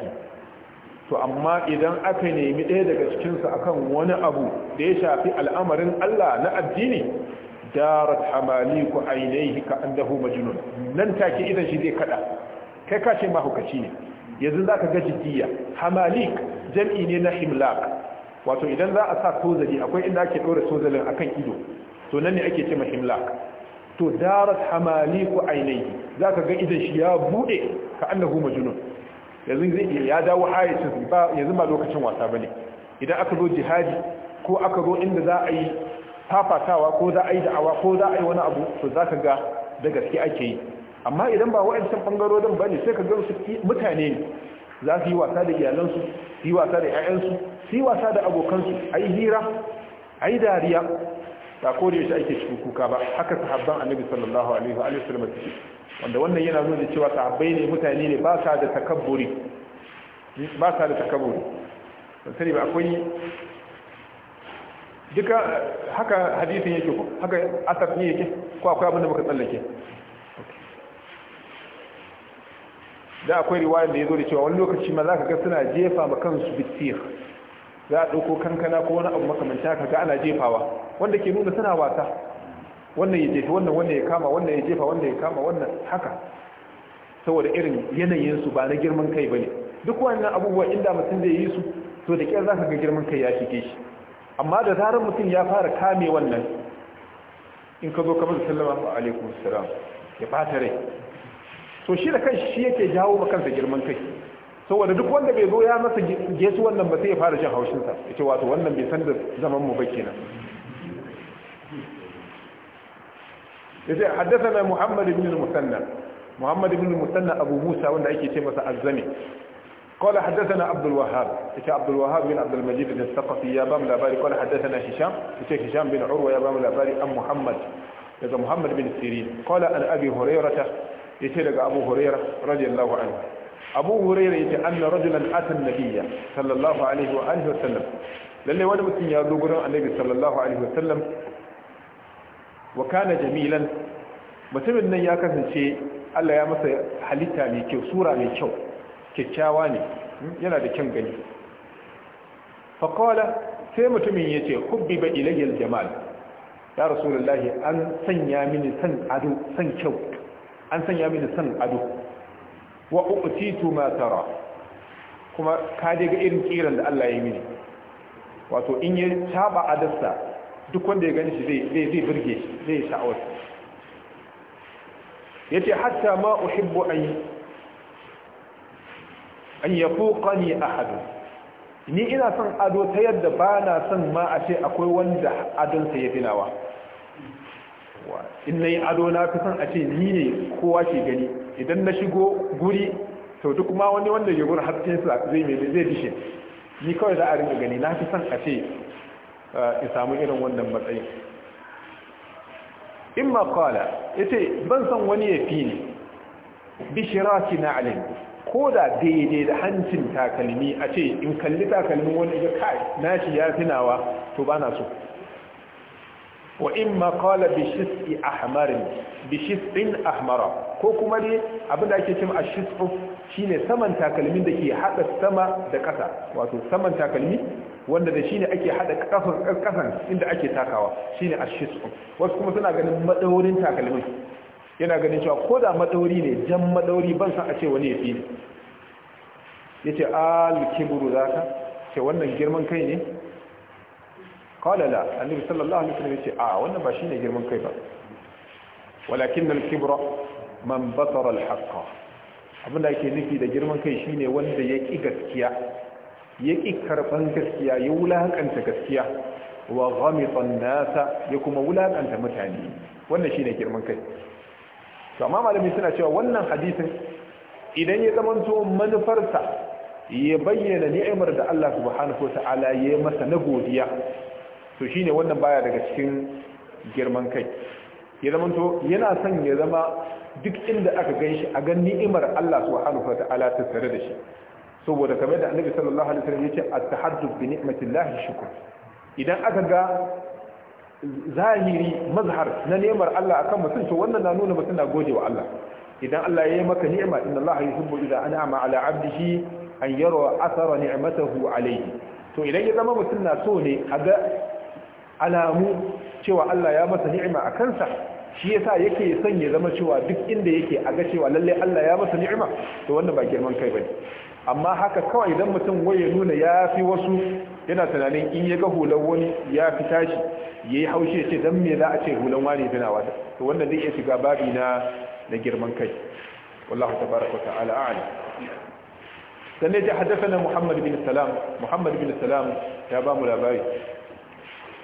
to amma idan aka nemi ɗaya daga cikin su akan wani abu da ya shafi al'amarin Allah na addini darat hamaliku ainihi ka annahu majnun nan take idan shi zai kada kai ka ce mahukaci ne yanzu zaka ga jiddiya hamalik jam'i ne na himlak wato idan za a sa tozali akwai inda ake ɗora tozalin akan ido to nan ne ake ce ma himlak to darat ku ainihi za ka ga idan shi ya buɗe ka annahu majunun. yanzu zai ya dawo hayyacin ba yanzu ba lokacin wasa bane idan aka zo jihadi ko aka zo inda za a yi fafatawa ko za a yi da'awa ko za a yi wani abu to za ka ga da gaske ake yi amma idan ba wa'ancan bangarorin ba ne sai ka ga mutane za su yi wasa da iyalansu su yi wasa da 'ya'yansu su yi wasa da abokansu a yi hira a yi dariya ba ko da ake cikin kuka ba haka sahabban annabi sallallahu alaihi wa sallam suke wanda wannan yana nuna cewa sahabbai ne mutane ne ba sa da takabburi ba sa da takabburi ban ba akwai duka haka hadisin yake ko haka asar ne yake ko akwai abin da muka tsallake da akwai riwayar da ya zo da cewa wani lokaci ma za ka ga suna jefa ma kansu bisir za a ɗauko kankana ko wani abu makamanta ka ga ana jefawa wanda ke nuna suna wasa wannan ya jefa wannan wannan ya kama wannan ya jefa wannan ya kama wannan haka saboda irin yanayinsu ba na girman kai ba ne duk wannan abubuwa inda mutum zai yi su to da kyar za ka ga girman kai ya shige shi amma da zarar mutum ya fara kame wannan in ka zo kamar sallama alaikum salam ya fata rai to shi da kanshi shi yake jawo ma kansa girman kai saboda duk wanda bai zo ya masa gesu wannan ba sai ya fara jin haushinsa ya ce wato wannan bai san da zaman mu ba kenan ya ce haddasa muhammad ibn musanna muhammad ibn musanna abu musa wanda ake ce masa azzami قال حدثنا عبد الوهاب إيه عبد الوهاب بن عبد المجيد بن الثقفي يا بام لاباري قال حدثنا هشام إيه هشام بن عروة يا بام لاباري أم محمد إذا محمد بن السيرين قال عن أبي هريرة yace daga Abu Hurairah radiyallahu anhu Abu Hurairah yace anna rajulan atan nabiyya sallallahu alaihi wa alihi lalle wani mutum ya zo gurin Annabi sallallahu alaihi wasallam wa kana jamilan mutumin nan ya kasance Allah ya masa halitta mai kyau sura mai kyau kyakkyawa ne hmm, yana da kyan gani faƙola sai mutumin ya ce hubbi ba ilayyar jamal ya rasulullahi an sanya mini san ado san kyau an sanya mini san ado wa uqtitu ma tara kuma ka dai ga irin kiran da Allah ya yi mini wato in ya saba adarsa duk wanda ya gani shi zai zai zai burge shi zai sha'awar yace hatta ma uhibbu an an yafuqani ahad ni ina son ado ta yadda ba na son ma a ce akwai wanda adonsa ya fi in na yi ado na fi son a ce ni ne kowa ke gani idan na shigo guri to duk ma wani wanda ya gura sa zai mai zai dishe ni kawai za a rinka gani na fi son a ce eh, in samu irin wannan matsayi in ma kawala ya ce ban san wani ya fi ni bishiraki na alin ko da daidai da hancin takalmi a ce in kalli takalmin wani ya kai na shi ya fi nawa to ba na so wa in qala bi shisti ahmarin bi ahmara ko kuma dai da ake cewa ashisu shine saman takalmin da ke hada sama da kasa wato saman takalmi wanda da shine ake hada kafan inda ake takawa shine ashisu wasu kuma suna ganin madaurin takalmin yana ganin cewa ko da madauri ne jan madauri ban san a ce wani ya ne yace al kibru zaka ce wannan girman kai ne kalala la annabi sallallahu alaihi wasallam yace a wannan ba shine girman kai ba walakin al-kibra man basara al-haqqa abinda yake nufi da girman kai shine wanda ya ki gaskiya ya ki karban gaskiya ya wulakanta gaskiya wa ghamita an-nasa ya kuma wulakanta mutane wannan shine girman kai to amma malami suna cewa wannan hadisin idan ya to manufarsa ya bayyana ni'imar da Allah subhanahu wa ta'ala ya masa na godiya to ne wannan baya daga cikin girman kai ya zama to yana son ya zama duk inda aka gan shi a gan ni'imar Allah subhanahu wa ta'ala ta tare da shi saboda kamar da annabi sallallahu alaihi wasallam yace at-tahajjud bi ni'matillahi shukr idan aka ga zahiri mazhar na ni'imar Allah akan mutum to wannan na nuna mutum na gode wa Allah idan Allah ya yi maka ni'ima inna Allah yuhibbu idza an'ama ala 'abdihi an yara athara ni'matihi alayhi to idan ya zama mutum na so ne a ga alamu cewa Allah ya masa ni'ima a kansa shi yasa yake son ya zama cewa duk inda yake a ga cewa lalle Allah ya masa ni'ima to wannan ba girman kai bane amma haka kawai idan mutum waye nuna ya fi wasu yana tunanin in ya ga hulan wani ya fi tashi yayi haushi ya ce don me za a ce hulan wani yana wata to wannan zai iya shiga babi na na girman kai wallahu tabaraka ta'ala a'lam sanne ji muhammad bin salam muhammad bin salam ya ba mu labari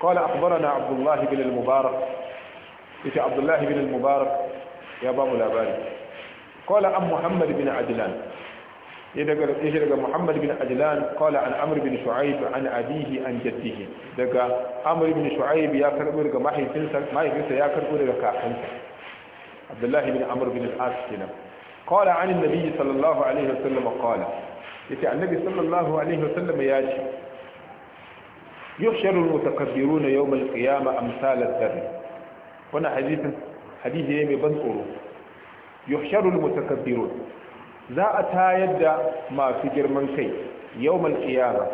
قال أخبرنا عبد الله بن المبارك إتى عبد الله بن المبارك يا باب الأباري قال عن محمد بن عدلان يجرق محمد بن عدلان قال عن عمرو بن شعيب عن أبيه عن جده دقى عمرو بن شعيب يا كربور ما هي ما هي فنسا يا كربور لك عبد الله بن عمرو بن العاص قال عن النبي صلى الله عليه وسلم قال يتي النبي صلى الله عليه وسلم ياتي يحشر المتكبرون يوم القيامة أمثال الذر وانا حديث حديث يمي بنصره يحشر المتكبرون ذا أتا يدى ما في جرمان كي يوم القيامة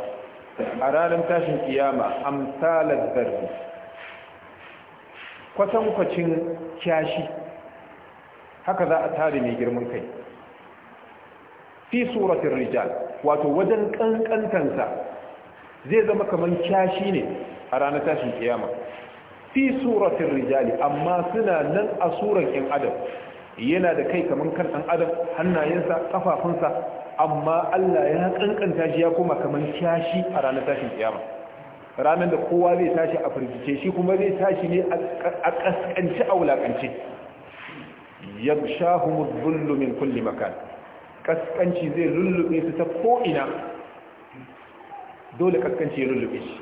أرانا تاشن قيامة أمثال الذر kwatankwacin kyashi haka za a tare mai girman kai fi suratun rijal wato wajen kankantansa zai zama kaman kyashi ne a ranar tashin kiyama fi suratin rijali amma suna nan a suran yan adam yana da kai kaman kan dan adam hannayensa kafafunsa amma Allah ya kankanta shi ya koma kaman kyashi a ranar tashin kiyama ranar da kowa zai tashi a firgice shi kuma zai tashi ne a kaskance a wulakance yabshahumuz zullu min kulli makan kaskanci zai lullube su ta ko'ina dole kaskanci ya lullube shi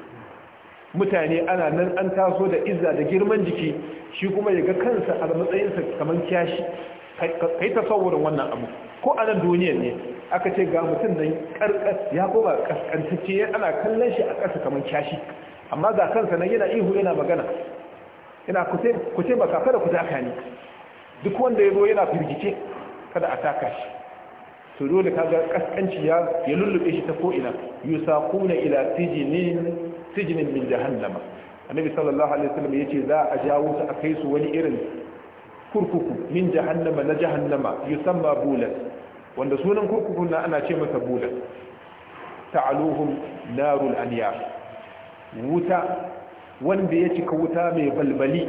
mutane ana nan an taso da izza da girman jiki shi kuma ya ga kansa a matsayinsa kamar kyashi kai tasawurin wannan abu ko a nan duniyar ne aka ce ga mutum nan karkas ya koma kaskantacce ana kallon shi a ƙasa kamar kyashi amma ga kansa nan yana ihu yana magana yana ku ce ba da kuta ka ne duk wanda ya zo yana firgice kada a taka shi to dole kaga kaskanci ya ya lullube shi ta ko'ina yusaquna ila sijinin sijinin min jahannama annabi sallallahu alaihi wasallam yace za a jawo su a kai su wani irin kurkuku min jahannama na jahannama yusamma bulat wanda sunan kurkukun na ana ce masa bulat ta'aluhum narul Anya. wuta wanda ya cika wuta mai balbali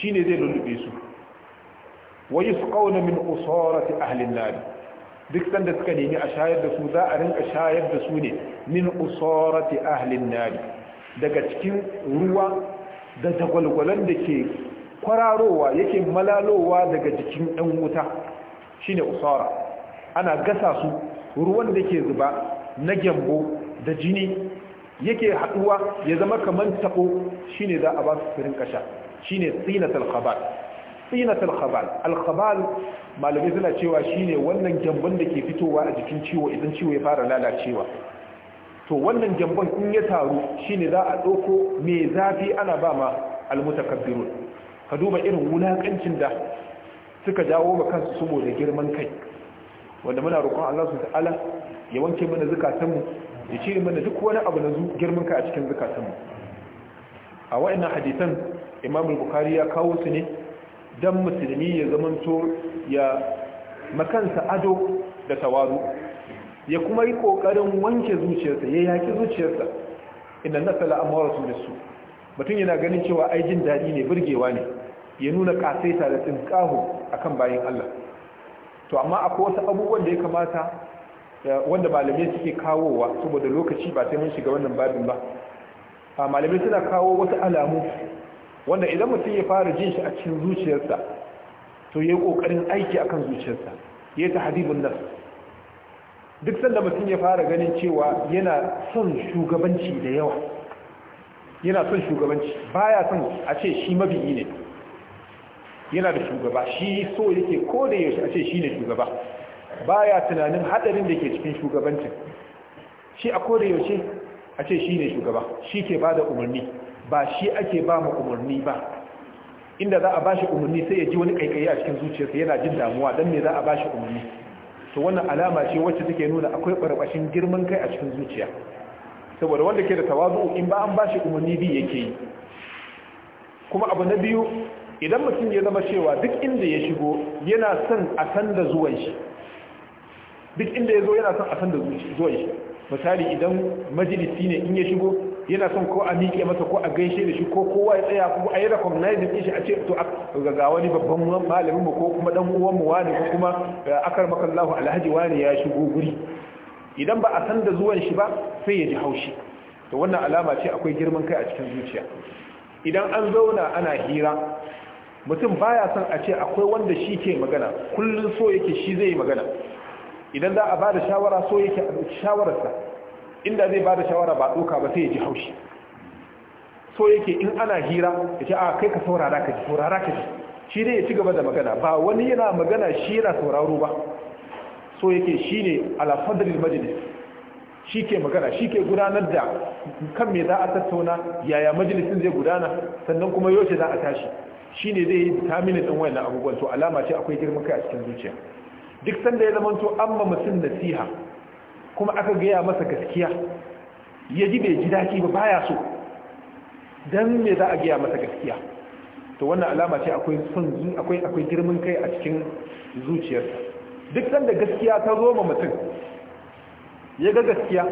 shine zai lullube su wa yusqawna min usarati ahli an-nar duk sanda suka nemi a shayar da su za a rinka shayar da su ne min usorati ahlin nari daga cikin ruwa da dagwalgwalan da ke kwararowa yake malalowa daga jikin ɗan wuta shine usara ana gasa su ruwan da ke zuba na gyambo da jini yake haɗuwa ya zama kamar taɓo shine za a ba su rinka sha shine tsinatul khabar tsinatul khabal al-khabal malamai suna cewa shine wannan gyambon da ke fitowa a jikin ciwo idan ciwo ya fara lalacewa to wannan gyambon in ya taru shine za a ɗauko mai zafi ana ba ma al-mutakabbirun ka duba irin wulakancin da suka jawo ma kansu saboda girman kai wanda muna roƙon Allah su ta'ala ya wanke mana mu ya cire mana duk wani abu na girman kai a cikin mu a wa'annan hadisan Imam Bukhari ya kawo su ne Dan musulmi ya zamanto ya makansa ado da tawaru ya kuma yi kokarin wanke zuciyarsa ya yaki zuciyarsa inda nasala amara su da su mutum yana ganin cewa ai jin daɗi ne burgewa ne ya nuna kasaita da a akan bayan Allah to amma akwai wasu abubuwan da ya kamata wanda malamai suke kawowa saboda lokaci ba sai mun shiga wannan babin ba malamai suna kawo wasu alamu wanda idan mutum ya fara jin shi a cikin zuciyarsa to yayi kokarin aiki akan zuciyarsa yayi Habibun Nas. duk sanda mutum ya fara ganin cewa yana son shugabanci da yawa yana son shugabanci baya son a ce shi mabiyi ne yana da shugaba shi so yake ko da yaushe a ce shi ne shugaba baya tunanin hadarin da ke cikin shugabancin shi a ko da yaushe a ce shi ne shugaba shi ke bada umarni ba shi ake ba mu umarni ba inda za a ba shi umarni sai ya ji wani kaikayi a cikin zuciyarsa yana jin damuwa dan me za a ba shi umarni to wannan alama ce wacce take nuna akwai barbashin girman kai a cikin zuciya saboda wanda ke da tawazu in ba an ba shi umarni bi yake yi kuma abu na biyu idan mutum ya zama cewa duk inda ya shigo yana son a san da zuwan shi duk inda ya zo yana son a san da zuwan shi misali idan majalisi ne in ya shigo yana son ko a miƙe masa ko a gaishe da shi ko kowa ya tsaya ko a yi recognizing din shi a ce to ga wani babban malamin mu ko kuma dan uwan mu wani ko kuma eh, akar makallahu alhaji wani ya shigo guri idan ba a san da zuwan shi ba sai ya ji haushi to wannan alama ce akwai girman kai a cikin zuciya idan an zauna ana hira mutum baya son a ce akwai wanda shi ke magana kullum so yake shi zai magana idan za a ba da shawara so yake a shawararsa inda zai ba da shawara ba doka ba sai ya ji haushi so yake in ana hira ya ce a kai ka saurara ka ji saurara ka ji shi ne ya ci gaba da magana ba wani yana magana shi yana sauraro ba so yake shi ne alafadar majalis shi ke magana shi ke gudanar da kan me za a tattauna yaya majalisin zai gudana sannan kuma yaushe za a tashi shi ne zai yi vitaminin ɗin wayannan abubuwan to alama ce akwai girman kai a cikin zuciya duk sanda ya zama to an mutum nasiha kuma aka gaya masa gaskiya ya ji bai ji daki ba baya so don me za a gaya masa gaskiya to wannan alama ce akwai son akwai akwai girman kai a cikin zuciyarsa duk sanda gaskiya ta zo ma mutum ya ga gaskiya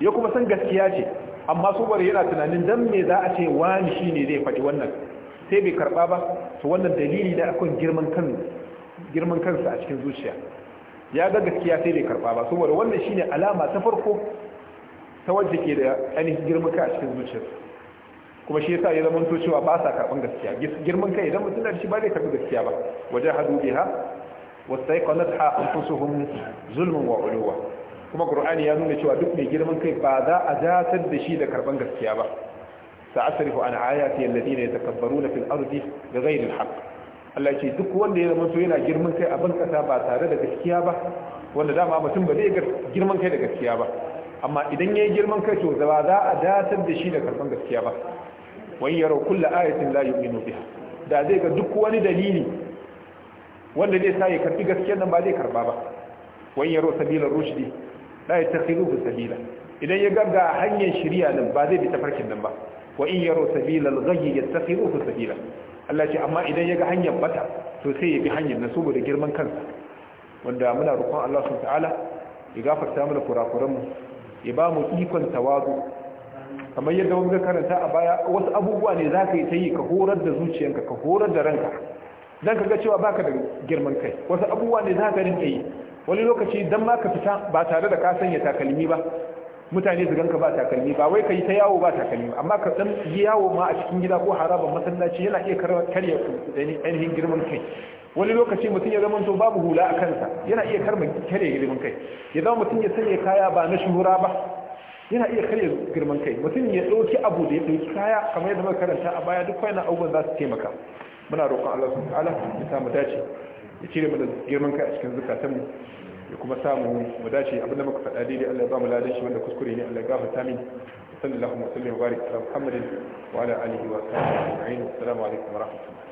ya kuma san gaskiya ce amma su bari yana tunanin dan me za a ce wani shine zai faɗi wannan sai bai karɓa ba to wannan dalili da akwai girman kansa a cikin zuciya ya ga gaskiya sai bai karba ba saboda wannan shine alama ta farko ta wanda ke da ainihin girman kai a cikin zuciyar kuma shi yasa ya zama to cewa ba sa karban gaskiya girman kai idan mutum da shi ba zai karbi gaskiya ba wajahadu biha wastaiqanatha anfusuhum zulmun wa uluwa kuma qur'ani ya nuna cewa duk mai girman kai ba za a datar da shi da karban gaskiya ba sa'asrifu an ayati alladhina yatakabbaruna fil ardi bighayri alhaq Allah ce duk wanda ya zama so yana girman kai abin kasa ba tare da gaskiya ba wanda dama mutum ba zai girman kai da gaskiya ba amma idan yayi girman kai to ba za a datar da shi da karban gaskiya ba wani yaro kulla ayatin la yu'minu biha da zai ga duk wani dalili wanda zai sa ya karbi gaskiyar nan ba zai karba ba wani yaro sabila rushdi la yatakhiruhu sabila idan ya ga ga hanyar shari'a nan ba zai bi tafarkin nan ba wa in yaro sabila al-ghayy yatakhiruhu sabila Allah ce amma idan ya ga hanyar bata to sai ya bi hanyar na da girman kansa wanda muna rukun Allah sun ta'ala ya gafarta mana kurakuranmu ya ba mu ikon tawazu kamar yadda wanda karanta a baya wasu abubuwa ne za ka yi ta yi ka horar da zuciyanka ka horar da ranka ka ga cewa ba ka da girman kai wasu abubuwa ne za ka rinka yi wani lokaci don ma ka fita ba tare da ka sanya takalmi ba mutane su ganka ba takalmi ba wai ka yi ta yawo ba takalmi amma ka dan yi yawo ma a cikin gida ko harabar masallaci yana iya karya ainihin girman kai wani lokaci mutum ya zama to babu hula a kansa yana iya karma karya girman kai ya zama mutum ya sanya kaya ba na shuhura ba yana iya karya girman kai mutum ya ɗauki abu da ya ɗauki kaya kamar yadda muka karanta a baya duk wannan abubuwan za su taimaka muna roƙon Allah subhanahu wa ta'ala ya samu dace ya cire mana girman kai a cikin zukatanmu ya kuma samu mu dace abinda muka faɗa daidai Allah ya ba mu ladan shi wanda kuskure ne Allah ya gafarta min sallallahu alaihi wa sallam barik ala muhammadin wa ala alihi wa sahbihi ajma'in assalamu alaikum wa rahmatullahi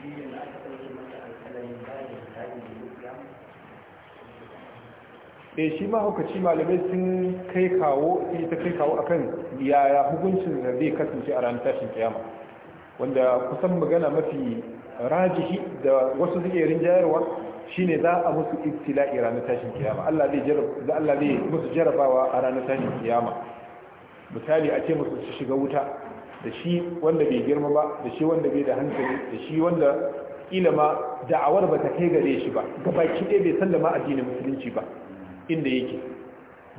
Thank you. e shi mahaukaci malamai sun kai kawo sun ta kai kawo akan yaya hukuncin da zai kasance a ranar tashin kiyama wanda kusan magana mafi rajihi da wasu suke rinjayarwa ne za a musu ibtila'i ranar tashin kiyama Allah zai musu jarabawa a ranar tashin kiyama misali a ce musu su shiga wuta da shi wanda bai girma ba da shi wanda bai da hankali da shi wanda kila ma da'awar ba ta kai gare shi ba gabaki ɗaya bai sallama addinin musulunci ba inda yake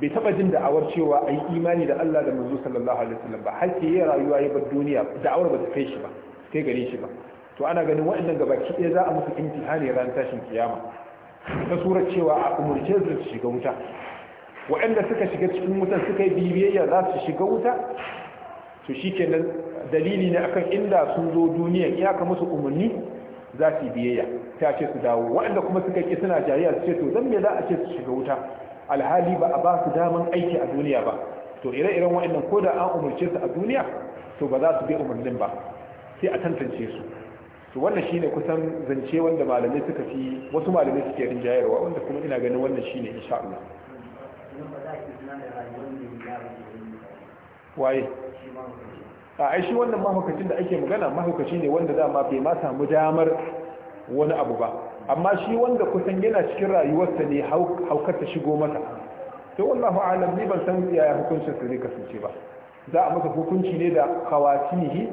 bai taba jin da'awar cewa a yi imani da Allah da manzo sallallahu alaihi wasallam ba har sai rayuwa ya bar duniya da'awar ba ta kai shi ba kai gare shi ba to ana ganin gaba ki ɗaya za a musu imtihani ran tashin kiyama ta surar cewa a umurce su shiga wuta waɗanda suka shiga cikin wutan suka yi bibiyayya za su shiga wuta to shikenan dalili ne akan inda sun zo duniya iyaka musu umarni za su biyayya ta ce su dawo waɗanda kuma suka ki suna jariya su ce to zan me za a ce su shiga wuta alhali ba a ba su daman aiki a duniya ba to ire-iren wa'annan ko da an umarce su a duniya to ba za su bi umarnin ba sai a tantance su to wannan shine kusan zance wanda malamai suka fi wasu malamai suke rinjayarwa wanda kuma ina ganin wannan shine insha Allah waye a ai shi wannan mahaukacin da ake magana mahaukaci ne wanda dama bai ma samu damar wani abu ba amma shi wanda kusan yana cikin rayuwarsa ne haukar ta shigo mata to wallahu alam ni ban san yaya hukuncin su zai kasance ba za a masa hukunci ne da khawatihi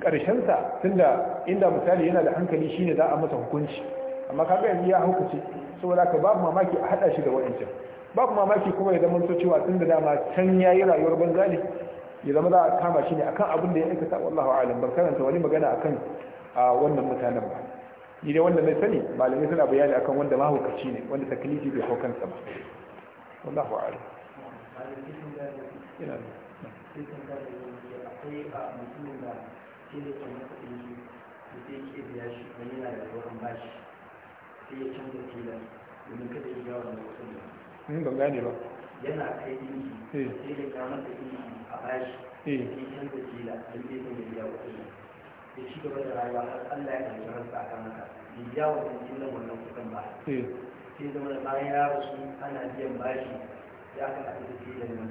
karshen sa tunda inda misali yana da hankali shine za a masa hukunci amma kaga yanzu ya hukunci saboda ka babu mamaki a hada shi da wa'ancin babu mamaki kuma ya zama to cewa tunda dama can yayi rayuwar banza ne ya zama za a kama shi ne akan abin da ya aikata wallahu alam ban karanta wani magana akan wannan mutanen ba ni dai wanda na sani malamai suna bayani akan wanda mahaukaci ne wanda taklifi bai hau kansa ba wallahu a'lam ina hmm, ban gane ba eh. yana kai sai a bashi eh. sai canza fila don ya ci gaba da rayuwa har Allah ya karbi ransa a kan haka ya wajen wa jinnan wannan kuɗin ba eh. sai zama da bayan ya rasu ana biyan bashi ya aka tafi da ke da nan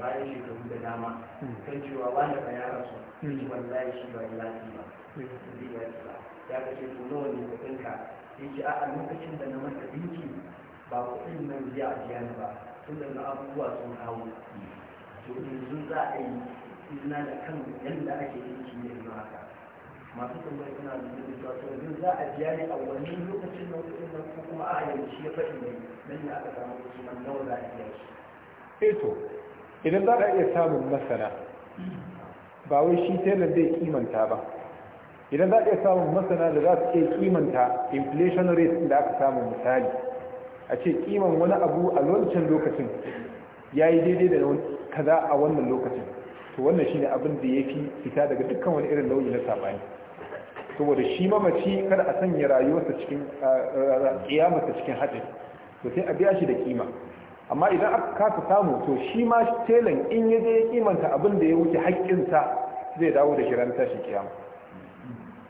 bayan shekaru da dama hmm. kan cewa wani ba ya rasu hmm. shi wallahi shi ba ya lafi ba zai eh. ya ci ba ya ka ce to nawa ne kuɗinka ya ce a lokacin da na masa dinki ba kuɗin nan zai a biya ni ba tunda na abubuwa sun kawo to yanzu za a yi izina da kan yadda ake dinki ne haka masu tambayi suna da zai cewa to yanzu za a biya ne a wani lokacin da wani nan ko kuma a yanzu ya faɗi ne nan ne aka samu kusurman nawa za a biya shi. eto eh idan za a iya samun masana ba wai shi tailor zai kimanta ba idan za a iya samun masana da za su iya kimanta inflation rate da aka samu misali a ce kiman wani abu a lokacin lokacin ya yi daidai da kaza a wannan lokacin to wannan shine abin da ya fi fita daga dukkan wani irin nau'i na saɓani saboda shi mamaci kada a sanya rayuwarsa cikin kiyamarsa cikin haɗari to sai a biya shi da kima amma idan aka kasa samu to shi ma telan in ya zai kimanta abin da ya wuce haƙƙinsa zai dawo da shirar tashi kiyama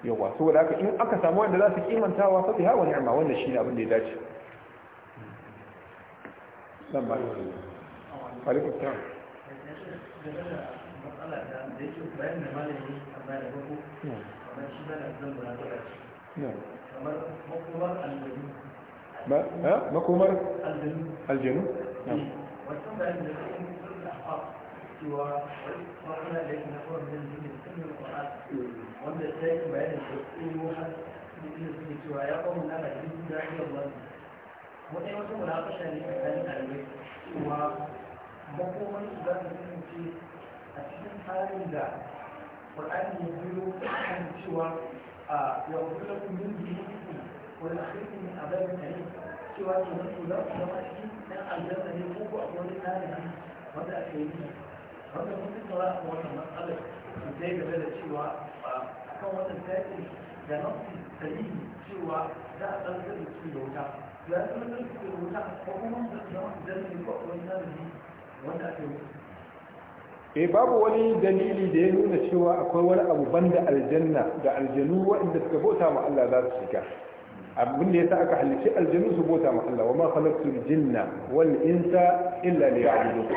yawa saboda haka in aka samu wanda za su kimanta wa bi hawa wanda shi ne abin da ya dace dan ba alaikum salam da matsala da yake bayan da malami a bayan da hmm. makomar aljanu ya da qur'ani ya biyo kan cewa a yanzu da yin jini wani akwai ne a bayan kare cewa ke nan ku ku zama cikin ɗan aljanna ne ko ku akwai wani tsari ne wanda aka yi ne wanda mun tattauna a wannan matsalar da ya gaba da cewa a kan wannan tsari da nan sahihi cewa za a ɗan zai su da wuta ya zama zai su da ko kuma zai zama zai ne ko akwai wani tsari ne wanda ake yi eh babu wani dalili da ya nuna cewa akwai wani abu banda aljanna da aljanu waɗanda suka bota ma Allah za su shiga abin da sa aka halice aljanu su ma Allah wa ma khalaqtul jinna wal insa illa liya'budun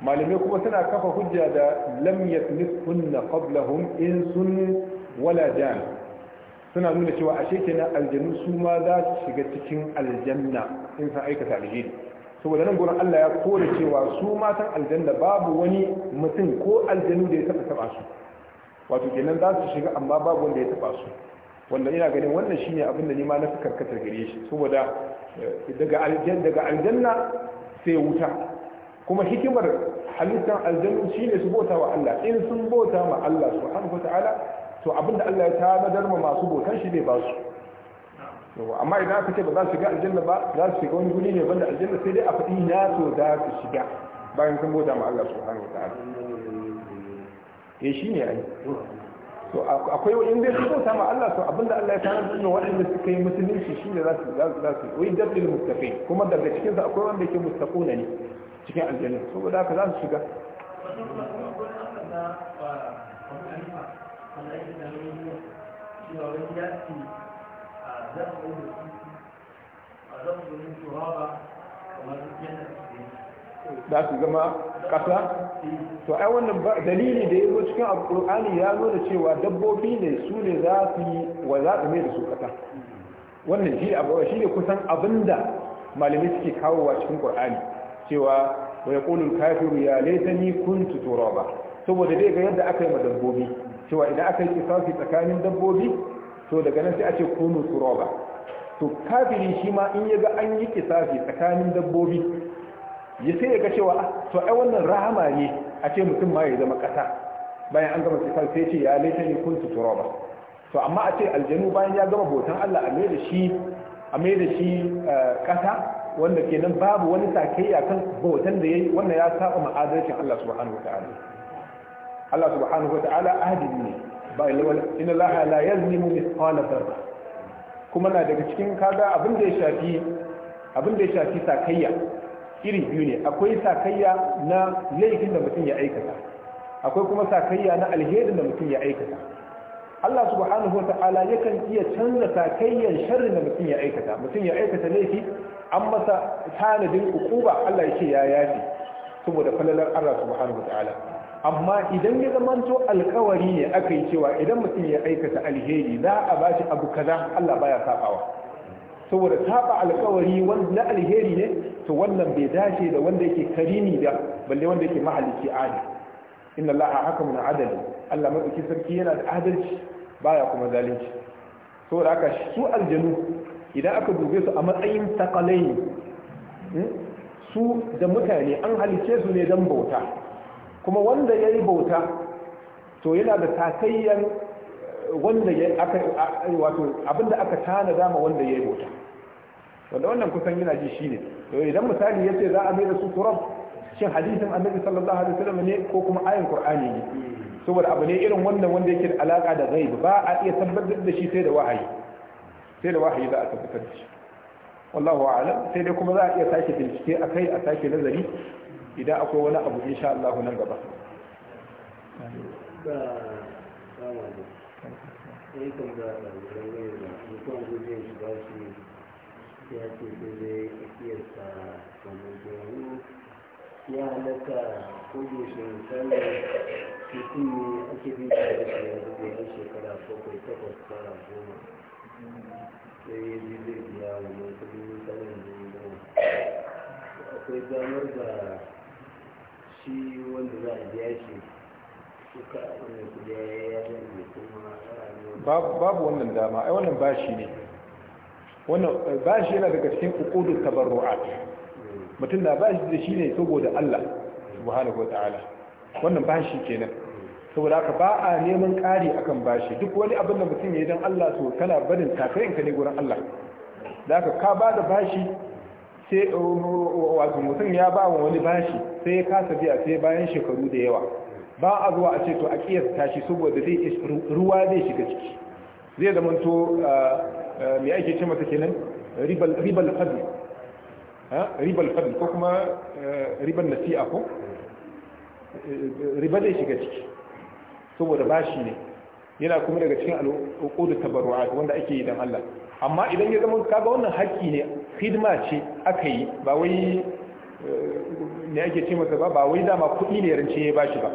malamai kuma suna kafa hujja da lam yatmithunna qablahum insun wala jan suna nuna cewa ashe kenan aljanu su ma za su shiga cikin aljanna in sun aikata alheri saboda nan gurin Allah ya kore cewa su matan aljanna babu wani mutum ko aljanu da ya taba taba su wato kenan za su shiga amma babu wanda ya taba su Wannan ina ganin wannan shine abin da nima na fi karkatar gare shi saboda eh, daga aljanna daga aljanna sai wuta kuma hikimar halittar aljannu shine su bauta wa Allah in sun bota ma Allah subhanahu wataala to abin da Allah ya tanadar ma masu bautan shi zai ba su yawa amma idan aka ce ba za su shiga aljanna ba za su shiga wani guri ne banda aljanna sai dai a faɗi ya so za su shiga bayan sun bauta ma Allah subhanahu ya shi ne ai to akwai wani inda su bauta ma Allah to abinda Allah ya sanar da irin waɗanda suka yi musulunci shine za su za su su wai dabbil mustafi kuma daga cikin su akwai wanda yake mustaquna ne cikin aljanna saboda haka za su shiga Thank you. zan da su gama ƙasa to ai wannan dalili da ya zo cikin alƙur'ani ya zo da cewa dabbobi ne su ne za su yi wa za su mai da su ƙasa wannan shi abu shi ne kusan abinda malamai suke kawo wa cikin ƙur'ani cewa wa yaqulu al-kafiru ya laitani kuntu turaba saboda dai ga yadda aka yi ma dabbobi cewa idan aka yi kisafi tsakanin dabbobi to daga nan sai a ce kunu turaba to kafiri shi ma in yaga an yi kisafi tsakanin dabbobi ya sai yaga cewa ah, to ai wannan rahama ne a ce mutum ma ya zama kasa bayan an gama kisafi sai ce ya laita ni kunu turaba to amma a ce aljanu bayan ya gama hoton Allah a mai da shi a mai da shi kasa eh, wanda kenan babu wani sakayya kan hoton da yayi wannan ya saba ma'adarcin Allah subhanahu wataala Allah subhanahu wataala ne ba laha la yazlimu mithqala kuma na daga cikin kaga abin da ya shafi abin sakayya iri biyu ne akwai sakayya na laifin da mutum ya aikata akwai kuma sakayya na alherin da mutum ya aikata Allah subhanahu wa ta'ala yakan iya canza sakayyan sharrin da mutum ya aikata mutum ya aikata laifi an masa tanadin ukuba Allah ya ce ya yafi saboda falalar Allah subhanahu wa ta'ala amma idan ya zamanto alkawari ne aka yi cewa idan mutum ya aikata alheri za a ba shi abu kaza Allah baya sabawa saboda saba alkawari na alheri ne to wannan bai dace da wanda yake karimi da balle wanda yake mahalici adi inna Allah hakamun adali Allah madauki sarki yana da adalci baya kuma zalunci saboda haka su aljanu idan aka dube su a matsayin takalai hmm, su da mutane an halice su ne don bauta kuma wanda ya yi bauta to yana da takayyan wanda ya aka wato abinda aka tana dama wanda ya yi bauta wanda wannan kusan yana ji shine to idan misali ya ce za a mai da su turab shin hadisin annabi sallallahu alaihi wasallam ne ko kuma ayin qur'ani ne saboda abu ne irin wannan wanda yake da alaka da ghaib ba a iya tabbatar da shi sai da wahayi sai da wahayi za a tabbatar da shi wallahu a'lam sai dai kuma za a iya sake bincike akai a sake nazari idan akwai wani abu insha Allah nan gaba ya halaka kogo shekaru mutum ake bin ya shekara bakwai takwas goma sai zai biya wani da akwai damar da shi wanda za a biya shi suka wanda su da ya yi kuma babu wannan dama ai wannan bashi ne wannan eh, bashi yana daga cikin uqudu tabarru'at mutum na bashi da shi ne saboda Allah subhanahu wataala wannan bashi kenan saboda aka ba a neman ƙari akan bashi duk wani abin da mutum ya yi don Allah so kana barin takarinka ne gurin Allah da aka ka ba da bashi sai eh, wato mutum ya ba wa wani bashi sai ya kasa biya sai bayan shekaru da yawa ba a zuwa a ce to a kiyasta shi saboda zai ruwa zai shiga ciki zai zama to eh, eh, mai ake ce mata kenan ribal fadl ribal fadl ko kuma ribal nasi'a ko riba zai shiga ciki saboda bashi ne yana kuma daga cikin al'uqud tabarwa wanda ake yi don Allah amma idan ya zama kaga wannan haƙƙi ne hidima ce aka yi ba wai ne eh, ake ce masa ba ba wai dama kuɗi ne rance ya bashi ba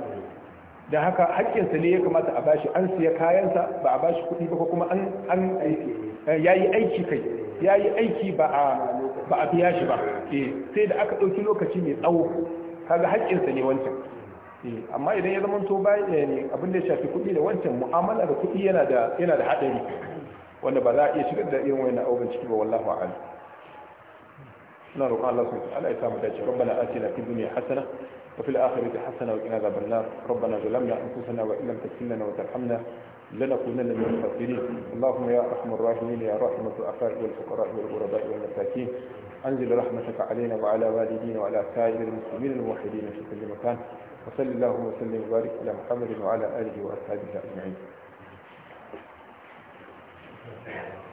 Da haka haƙƙinsa ne ya kamata a bashi an siya kayansa ba a bashi kuɗi ba kuma an eh, ya yi aiki kai ya yi aiki ba a biya shi ba eh, sai da aka ɗauki lokaci mai tsawo kaga haƙƙinsa ne wancan amma idan ya zama to bayan ne abin da ya shafi kuɗi da wancan mu'amala da kuɗi yana da haɗari wanda ba za a iya shigar da irin wani abubuwan ciki ba wallahu a'lam muna قال الله سبحانه وتعالى ta'ala ya ربنا آتنا في الدنيا حسنة وفي الآخرة حسنة وإن هذا بالنار ربنا ظلمنا أنفسنا وإن لم zalamna وترحمنا لنكونن من الخاسرين اللهم يا ارحم الراحمين يا رحمة الضعفاء والفقراء والغرباء والمساكين انزل رحمتك علينا وعلى والدينا وعلى سائر المسلمين الموحدين في كل مكان وصل اللهم وسلم وبارك على محمد وعلى اله واصحابه اجمعين Thank you.